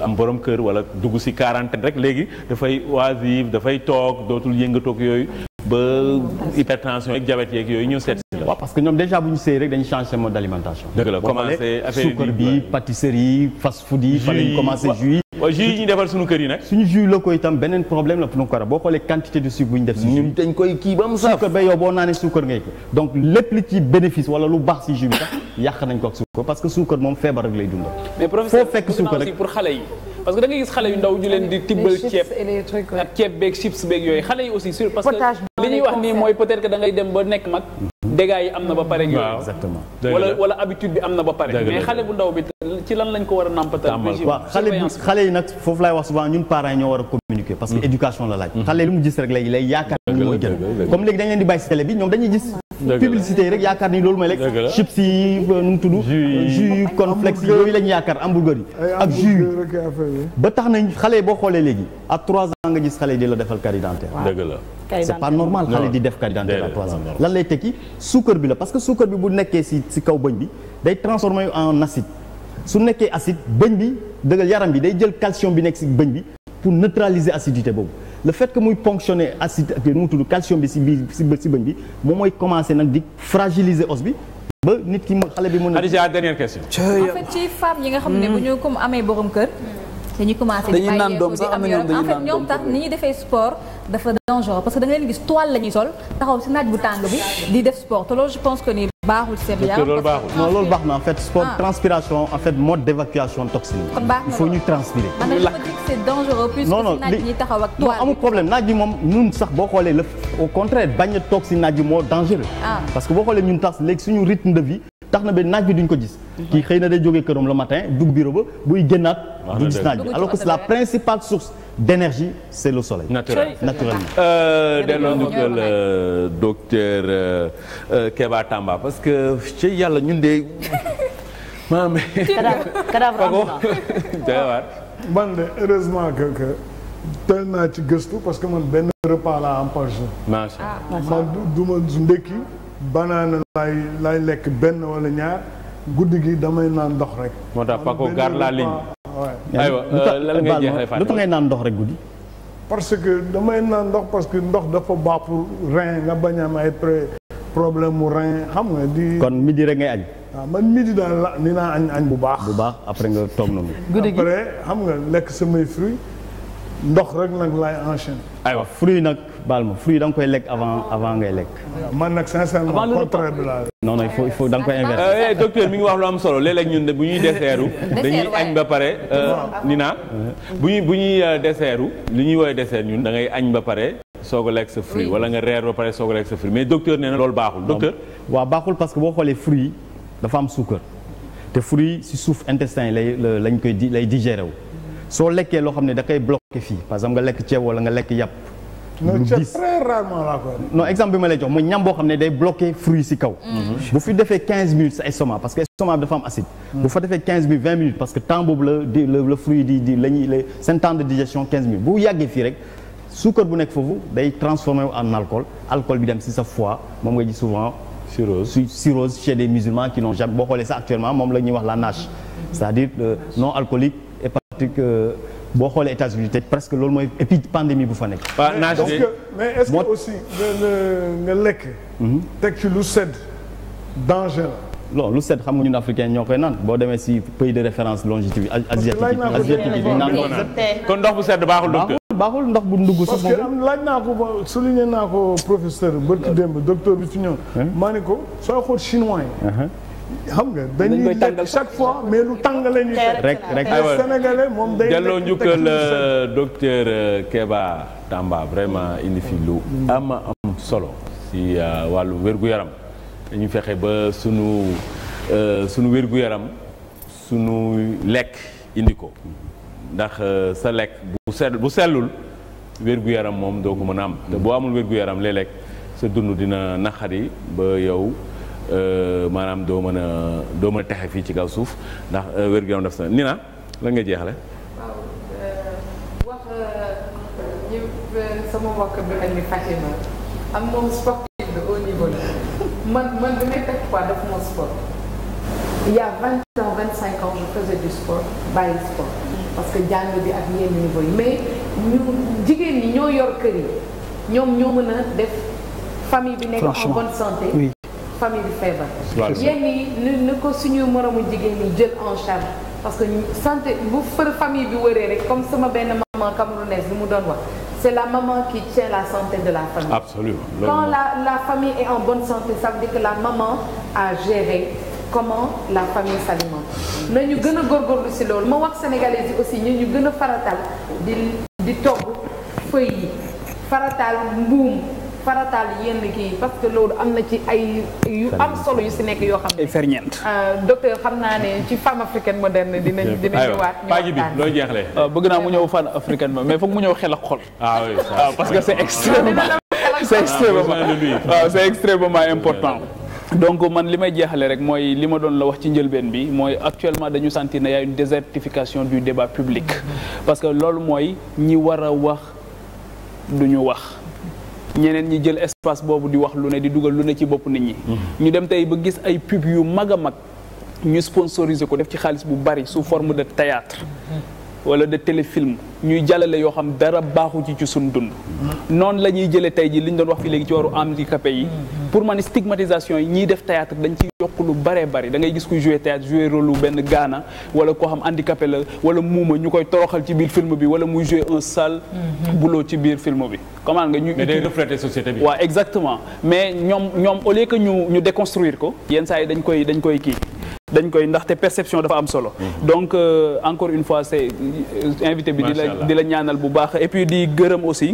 am borom kër wala dugg si quarantaine rek léegi dafay oisive dafay toog dootul yëngatoog yooyu. ba hypertension ak diabète yeeg yooyu ñëw seet si la. parce que ñoom déjà bu ñu seey rek dañu changer seen mode d'alimentation. dëgg la commencé affaire yi suukar bi pâtisserie fast food waaw jus yi ñuy defar suñu kër yi nag. suñu jus locaux itam beneen problème la Tounkara boo xoolee quantité de sucre bu ñu def. si dañ koy kii ba mu saaf ba yow boo naanee suukar ngay ko donc lépp li ci bénéfice wala lu baax si jus bi sax yàq nañ ko parce que suukar moom feebar rek lay dundal. mais professeur fekk suukar rek pour xale yi. parce que da gis xale yu ndaw ñu leen di tibbal ceeb ak ceeb beeg yooyu xale yi aussi parce que wax nii mooy peut-être que dem ba nekk mag. dégâts am na ba pare. waaw exactement wala wala habitude bi am na ba pare. mais xale bu ndaw bi ci lan lañ ko war a nàmpatal. waaw xale yi nag foofu laay wax souvent ñun parents ñoo war a communiquer. parce que hmm. éducation la laaj. Hmm. xale li mu gis rek lay yaakaar ni mooy gën comme léegi dañ leen di bàyyi si télé bi ñoom dañuy gis. publicité yi rek yaakaar ni loolu may lekk chips yi euh, nu mu tudd yi cornflakes yooyu lañu yaakaar hamburger yi ak jus yi ba tax nañ xale boo xoolee léegi à trois ans nga gis xale di la defal carie dentaire dëgg la c'est pas normal xale di def carie dentaire trois ans lan lay tekki suukar bi la parce que suukar bi bu nekkee si si kaw bëñ bi day transformé en acide su nekkee acide bëñ bi dëggal yaram bi day jël calcium bi nekk si bëñ bi pour neutraliser acidité boobu le fait que muy ponctionner acide ak nu mu tudd calcium bi si bi si bëñ bi moom mooy commencer nag di fragiliser os bi. ba nit ki xale bi mën na. Adja dernière question. en fait ci femmes yi nga xam ne bu ñu comme amee borom kër. dañuy commencer di bàyyeeku di am yoon en ñoom tax ni ñuy defee sport. dafa dangereux parce que da nga leen gis sol taxaw si naaj bu tàng bi di def sport te loolu pense que ni baaxul seen yaram loolu na en fait sport ah. transpiration en fait mode d'évacuation toxine il faut ñu transpirer ñu lakk c'est dangereux taxaw ak toile amul problème naaj bi moom ñun sax boo xoolee lëf au contraire bañ a toog si naaj bi moo dangereux ah. parce que boo xoolee ñun tax léegi suñu rythme de vie tax na ba naaj bi duñ ko gis kii xëy na day jógee këram le matin dugg bureau ba buy génnaat du gis naaj bi alors que la principale source d'énergie c'est le soleil naturellement euh, delloo njukkal euh, docteur euh, Keba Tamba parce que ci yàlla ñun de maam cadavre man de heureusement que que teel naa ci gëstu parce que man benn repas laa am par jour ah, man du ma banaana lay laay lekk benn walla ñaar guddi gi damay naan ndox rek. moo tax Paco garde la ligne. aywa euh, lan ngay jeexalee Fatou. lu tax ngay naan ndox rek guddi. parce que damay naan ndox parce que ndox dafa baax pour rein nga bañ am ay pré problème mu rein xam nga di. kon midi rek ngay añ. waaw ah, man midi daal ni naa añ añ bu baax. bu baax après nga toog noonu. guddi gi après xam nga lekk samay fruits ndox rek nag laay enchaîner. aywa fruits nag. baal ma fruit da nga koy lekk avant avant ngay lekk. man nag sincèrement contraire bi laa. non non il faut il koy inverser. Eh, eh, docteur mi ngi wax lu am solo léeg ñun de bu ñuy dessertu. dañuy añ ba pare. Euh, Nina bu ñuy bu ñuy euh, dessertu. li ñuy woowee dessert ñun da ngay añ ba pare. soog a lekk sa fruit wala nga reer ba pare soog a lekk sa fruit mais docteur nee na loolu baaxul. docteur waaw baaxul parce que boo xoolee fruit dafa am suukar te fruit si suuf intestin yi lay lañ koy di lay digéré wu. soo lekkee loo xam ne da koy bloqué fii parce que nga lekk ceeb wa nga lekk yàpp. lu diis très rarement laa koy non exemple bi ma lay jox mooy ñam boo xam ne day bloqué fruit si kaw. Mhm. bu fi defee 15 minutes sa estomac parce que estomac bi dafa am acide. Mhm. bu fa defee 15 minutes parce que temps boobu la di la fruit di di la ñuy seen temps de digestion 15 minutes bu yàggee fii rek. suukar bu nekk foofu day transformé en alcool alcool bi dem si sa foie moom nga gis souvent. cirrhose su cirrhose chez des musulmans qui n'ont jamais boo xoolee sax actuellement moom la wax la NASH. c'est-à-dire euh, boo xoolee États-Unis te presque loolu mooy épi pandémie bu fa nekk. donc mais est-ce que nga nga lekk. Mhm. teg ci lu sedd danger la. non lu set xam nga ñun africain ñoo koy naan boo demee si pays de référence longitude asiatique asiatique bi naan kon ndox bu sedd baaxul docteur baaxul ndox bu ndugg parce que laaj naa ko ba souligné naa ko professeur bërki démb docteur bi fi ñëw maa ni ko sooy xool chinois uh-huh. xam nga dañuy teg chaque fois mais lu tàng la ñuy rek rek sénégalais moom day euh, docteur euh, Keba Tamba vraiment indi fi lu ama solo si euh, wàllu wér yaram dañu fexe ba sunu sunu wér-gu-yaram sunu lekk indi ko ndax sa lekk bu sell bu sellul wér-gu-yaram moom doo ko mën a am te boo amul wér-gu-yaram léeg lekk sa dund dina naqari ba yow Euh, maanaam doo mën a texe fii ci kaw suuf ndax euh, wér-gu-yaram def sa Nina lan nga jeexale waaw euh, wax ñu sama mbokk bi mel ni am moom sportif de haut niveau la man bi may teg quoi moom sport il vingt ans vingt cinq ans je faisais du sport bàyyi sport parce que jàng bi ak yenn niveau yi mais ñu jigéen ñi ñoo yor kër yi ñoom ñoo mën a def famille bi nekk en bonne santé famille bi feebar. yenn yi ni ko suñu moromu jigéen ñi jël en charge parce que santé bu fër famille bi wëree rek comme sama benn maman camerounaise li mu doon wax c'est la maman qui tient la santé de la famille. quand la la famille est en bonne santé ça veut dire que la maman a géré comment la famille s'alimente. na ñu gën a góorgóorlu ci loolu ma wax sénégalais yi aussi ñu ñu gën a faratal di di togg feuilles yi faratal mbuum. farataal yenn kii parce que loolu am na ci ay yu am solo yu si nekk yoo xam ne. ay ferñeent. Euh, docteur xam naa ne ci femme africaine moderne dinañ. dinañ ñëwaat ñu waxtaan bi looy jeexlee. Euh, bëgg naa mu ñëw femme africaine ma mais foog mu ñëw xel ak xol. ah, ah parce que c'est extrêmement c'est extrêmement waaw c'est ah, ah, important. donc man li may jeexale rek mooy li ma doon la wax ci njëlbeen bi mooy actuellement dañu sentir ne y une désertification du débat public mm-hmm. parce que loolu mooy ñi war a wax duñu wax. ñeneen ñi jël espace boobu di wax lu ne di dugal lu ne ci bopp nit ñi mm-hmm. ñu dem tey ba gis ay pub yu mag a mag ñu sponsorisé ko def ci xaalis bu bari sous forme de théâtre mm-hmm. wala de téléfilm ñuy jàllale yoo xam dara baaxu ci ci suñ dund noonu la ñuy jëlee tey ji li ñu doon wax fi léegi ci waru handicapé yi pour man stigmatisation yi ñiy def théâtre dañ ci yokk lu bare bari da ngay gis ku jouer théâtre jouer rôle lu benn gaana wala koo xam handicapé la wala muuma ñu koy toroxal ci biir film bi wala muy jouer un sale mhm. bulo ci biir film bi comment nga ñu day refléter société bi waaw exactement mais ñoom ñoom au lieu que ñu ñu déconstruire ko yenn saa yi dañ koy dañ koy kii dañ koy ndaxte perception dafa am solo. Mhm. donc euh, encore une fois c'est euh, invité bi di la di la ñaanal bu baax et puis di gërëm aussi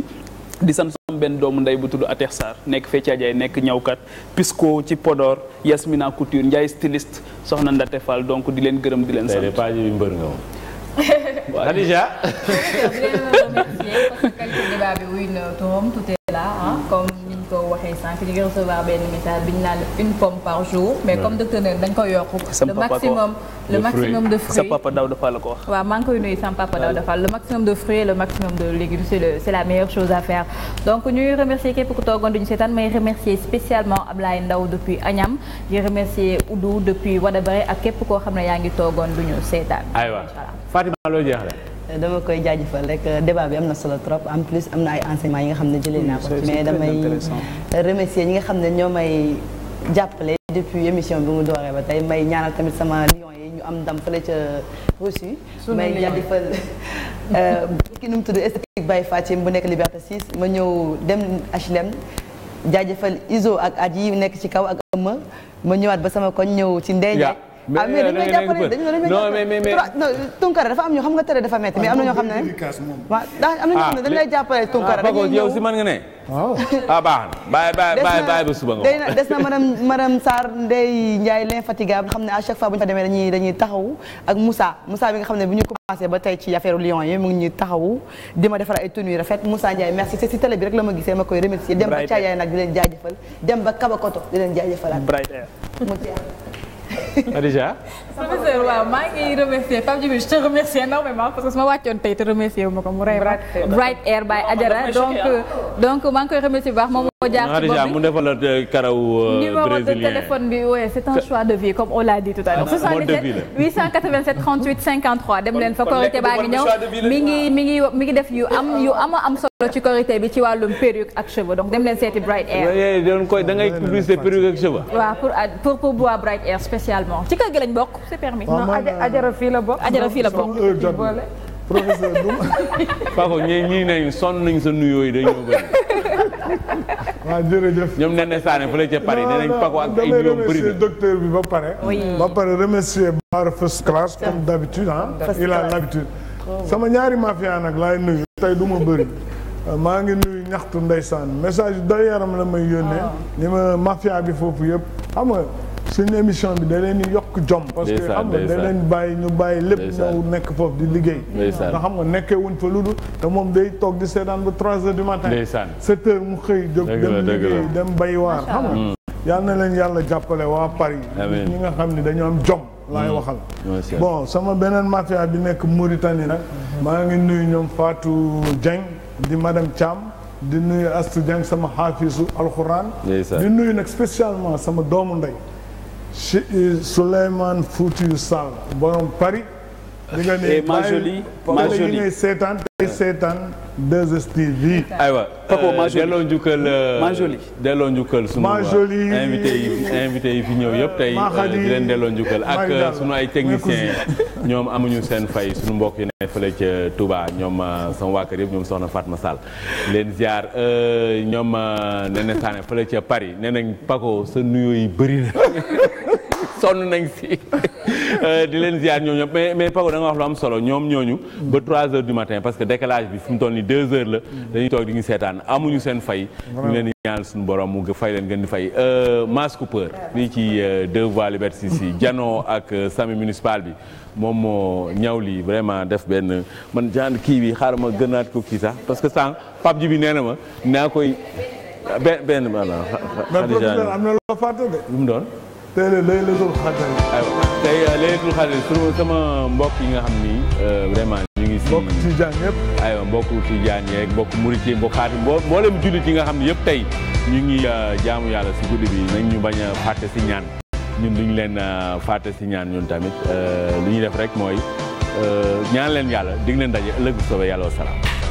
di sant. benn doomu ndey bu tudd Atex Sarr nekk Fecca Jaay nekk ñawkat Pisco ci Podor Yasmina Couture Ndiaye styliste soxna Ndate Fall donc di leen gërëm di leen sant Khadija parce que débat ko waxee sànq ñu ngi recevoir benn message bi ñu une pomme par jour. mais comme docteur Nen dañ ko yokku. le maximum le maximum de fruits. sa papa daw dafa la ko wax. waaw maa ngi koy nuyu sama papa daw dafa le maximum de fruits et le maximum de légumes c'est le c'est la meilleure chose à faire. donc ñuy remercier képp ku toogoon duñu seetaan may remercier spécialement Ablaye Ndaw depuis Agnam di remercier Oudou depuis Wadabare ak képp koo xam ne yaa ngi toogoon duñu seetaan. aywa Fatima dama koy jaajëfal rek euh, débat bi am na solo trop en plus am na ay enseignements yi nga xam ne jëlee naa ko ci mais damay remercier ñi nga xam ne ñoo may jàppale depuis émission bi mu dooree ba tey may ñaanal tamit sama lion yi ñu am ndam fële ca reçu may jaajëfal euh, ki nu mu bu nekk Liberté 6 ma ñëw dem HLM jaajëfal iso ak at yi nekk ci kaw ak ëmma ma ñëwaat ba sama koñ ñëw ci ndey ah mais euh, dañu may jàppale dañu may jàppale mais mais Tunkara dafa am ñoo xam nga tere dafa métti mais am na ñoo xam ne. waaw ndax am na ñoo xam ne dañu ah, lay jàppale Tunkara ah, dañuy ñëw yow si mën nga ne. waaw ah baax na bàyyi bàyyi bàyyi bàyyi ba suba nga wax. des na madame madame Sarr Ndeye Ndiaye l'infatigable xam ne à chaque fois bu ñu fa demee dañuy dañuy taxawu ak Moussa Moussa bi nga xam ne bu ñu commencé ba tey ci affaire Lions yi mu ngi ñuy taxawu di ma defar ay tenues rafet Moussa Ndiaye merci c'est si télé bi rek la ma gisee ma koy remercier dem ba Thiayaye nag di leen jaajëfal dem ba Kabakoto di leen jaajëfal Khadija. professeur maa ngi remercier Pape Djibril je te remercie énormément parce que su ma wàccoon tey te remercier wu ma ko mu rey Bright Air by Adjara donc donc maa ngi koy remercier bu moo jaar ci bopp bi mu euh, karaw euh, brésilien c'est un choix de vie comme on l'a dit tout à l'heure 77 887 38 53 dem leen fa korité baa ngi ñëw mi ngi mi ngi mi ngi def yu am yu ama am solo ci korité bi ci wàllum perruque ak cheveux donc dem leen seeti Bright da ngay publicité également ci kër gi lañ bokk ajara fii la bokk. ajara fii la bokk professeur Doum. Pape ñii ñii nañu sonn nañu sa nuyoo jërëjëf. ñoom nee na Sane fële ca Paris nee nañ Pape ak ay nuyoo bi ba pare. ba pare remercier Baar first class comme d'habitude ah. il oh. sama ñaari mafia nag laay nuyu tey du ma bëri. maa ngi nuyu ñaxtu ndeysaan message doy yaram la may yónnee. li oh. ma mafia bi foofu yëpp xam nga. suñu émission bi da leen di yokk jom. parce que xam nga da leen bàyyi ñu bàyyi lépp. ñëw nekk foofu di liggéey. ndeysaan nga xam nga nekkee wuñ fa ludul te moom day toog di seetaan ba trois heures du matin. ndeysaan sept heures mu xëy jóg dem liggéey dem bay waar xam nga. Mm. na leen yàlla jàppale waa Paris. ñi nga xam ne dañoo am jom. laay mm. waxal bon sama beneen mafia bi nekk Mauritanie nag. Mm-hmm. maa ngi nuyu ñoom Fatou Dieng di madame Thiam. di nuyu Astou Dieng sama xaafisu alxuraan. di nuyu nag spécialement sama doomu ndey. Eh, Souleymane Foutiou Sall borom Paris. Eh, di nga ne eh, ma jolie ma jolie di nga ne seetaan tey seetaan 2STV. Euh, delloo njukkal. Euh, ma jolie delloo yi fi ñëw yëpp tey euh, di leen delloo njukkal ak sunu ay techniciens ñoom amuñu seen fay sunu mbokk yi ne fële ca tubaa ñoom sama waa kër yëpp ñoom soxna Fatma Sall leen ziar ñoom nee na Sane fële ca Paris nee nañ Paco sa nuyoo yi bëri na. sonn nañ si euh, di leen ziar ñoom ñoom mais mais Pago da wax lu am solo ñoom ñooñu ba trois heures du matin parce que décalage bi fi mu toll ni 2 heures la dañuy toog di ñu seetaan amuñu seen fay ñu leen di ñaanal suñu borom mu fay leen gën di fay euh, Mass Cooper lii ci euh, deux voies liberté si janoo ak sami municipal bi moom moo ñaw lii vraiment def benn man genre kii bi xaaral ma gënaat ko kii sax parce que sànq Pape ji bi nee na ma naa koy benn benn maanaam. xadija am na loo fàtte tey la laylatul xadar aywa euh, sama mbokk yi nga xam ni euh, vraiment ñu ngi si mbokk tijaan yëpp mbokk tijaan yeeg mbokk murit yi mbokk xaatim boo mboolem jullit yi nga xam ne yëpp tey ñu ngi euh, jaamu yàlla si guddi bi nañ ñu bañ a fàtte si ñaan ñun duñ leen fàtte si ñaan ñun tamit li ñuy def rek mooy ñaan leen yàlla dig leen daje ëllëg bu soobee yàlla wa